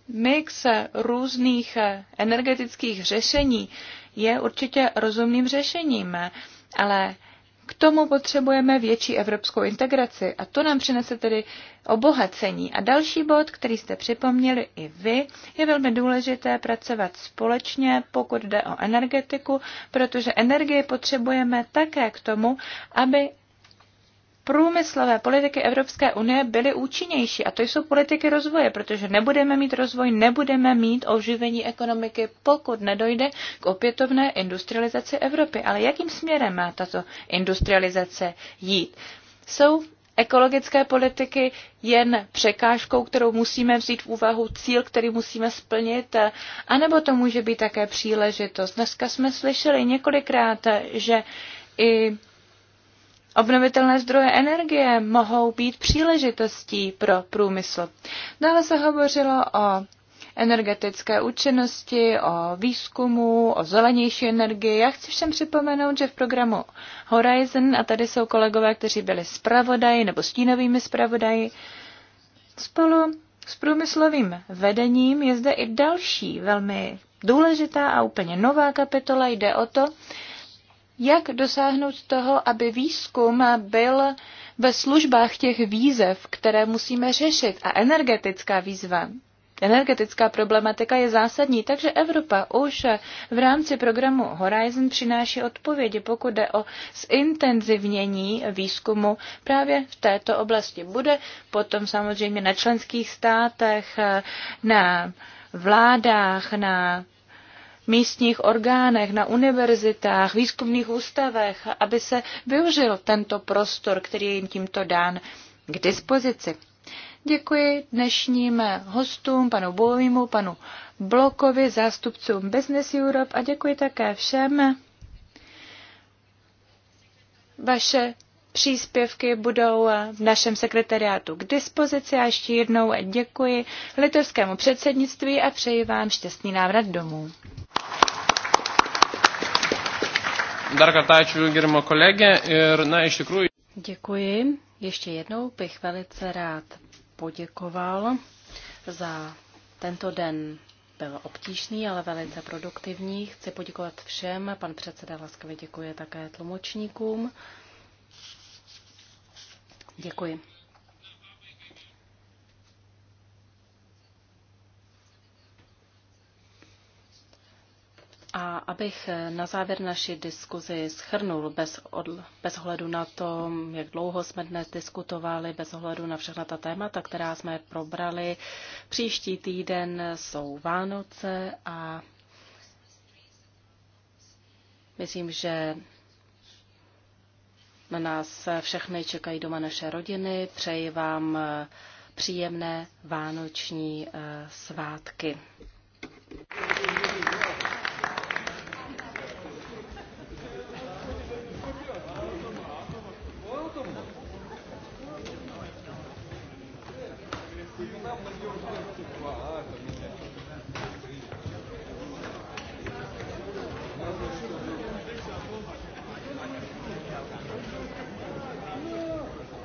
Mix různých energetických řešení je určitě rozumným řešením, ale k tomu potřebujeme větší evropskou integraci a to nám přinese tedy obohacení. A další bod, který jste připomněli i vy, je velmi důležité pracovat společně, pokud jde o energetiku, protože energie potřebujeme také k tomu, aby průmyslové politiky Evropské unie byly účinnější. A to jsou politiky rozvoje, protože nebudeme mít rozvoj, nebudeme mít oživení ekonomiky, pokud nedojde k opětovné industrializaci Evropy. Ale jakým směrem má tato industrializace jít? Jsou ekologické politiky jen překážkou, kterou musíme vzít v úvahu, cíl, který musíme splnit, anebo to může být také příležitost. Dneska jsme slyšeli několikrát, že i Obnovitelné zdroje energie mohou být příležitostí pro průmysl. Dále se hovořilo o energetické účinnosti, o výzkumu, o zelenější energii. Já chci všem připomenout, že v programu Horizon, a tady jsou kolegové, kteří byli zpravodaji nebo stínovými zpravodaji, spolu s průmyslovým vedením je zde i další velmi důležitá a úplně nová kapitola. Jde o to, jak dosáhnout toho, aby výzkum byl ve službách těch výzev, které musíme řešit. A energetická výzva, energetická problematika je zásadní, takže Evropa už v rámci programu Horizon přináší odpovědi, pokud jde o zintenzivnění výzkumu právě v této oblasti. Bude potom samozřejmě na členských státech, na vládách, na místních orgánech, na univerzitách, výzkumných ústavech, aby se využil tento prostor, který je jim tímto dán k dispozici. Děkuji dnešním hostům, panu Bovimu, panu Blokovi, zástupcům Business Europe a děkuji také všem. Vaše příspěvky budou v našem sekretariátu k dispozici a ještě jednou děkuji litevskému předsednictví a přeji vám šťastný návrat domů. Dar kartą ačiū gerimo kolegė ir, na, iš tikrųjų. Děkuji. Ještě jednou bych velice rád poděkoval za tento den. Byl obtížný, ale velice produktivní. Chci poděkovat všem. Pan předseda laskavě děkuje také tlumočníkům. Děkuji. A abych na závěr naší diskuzi schrnul bez, od, bez ohledu na to, jak dlouho jsme dnes diskutovali, bez ohledu na všechna ta témata, která jsme probrali, příští týden jsou Vánoce a myslím, že na nás všechny čekají doma naše rodiny. Přeji vám příjemné vánoční eh, svátky. Ah, tá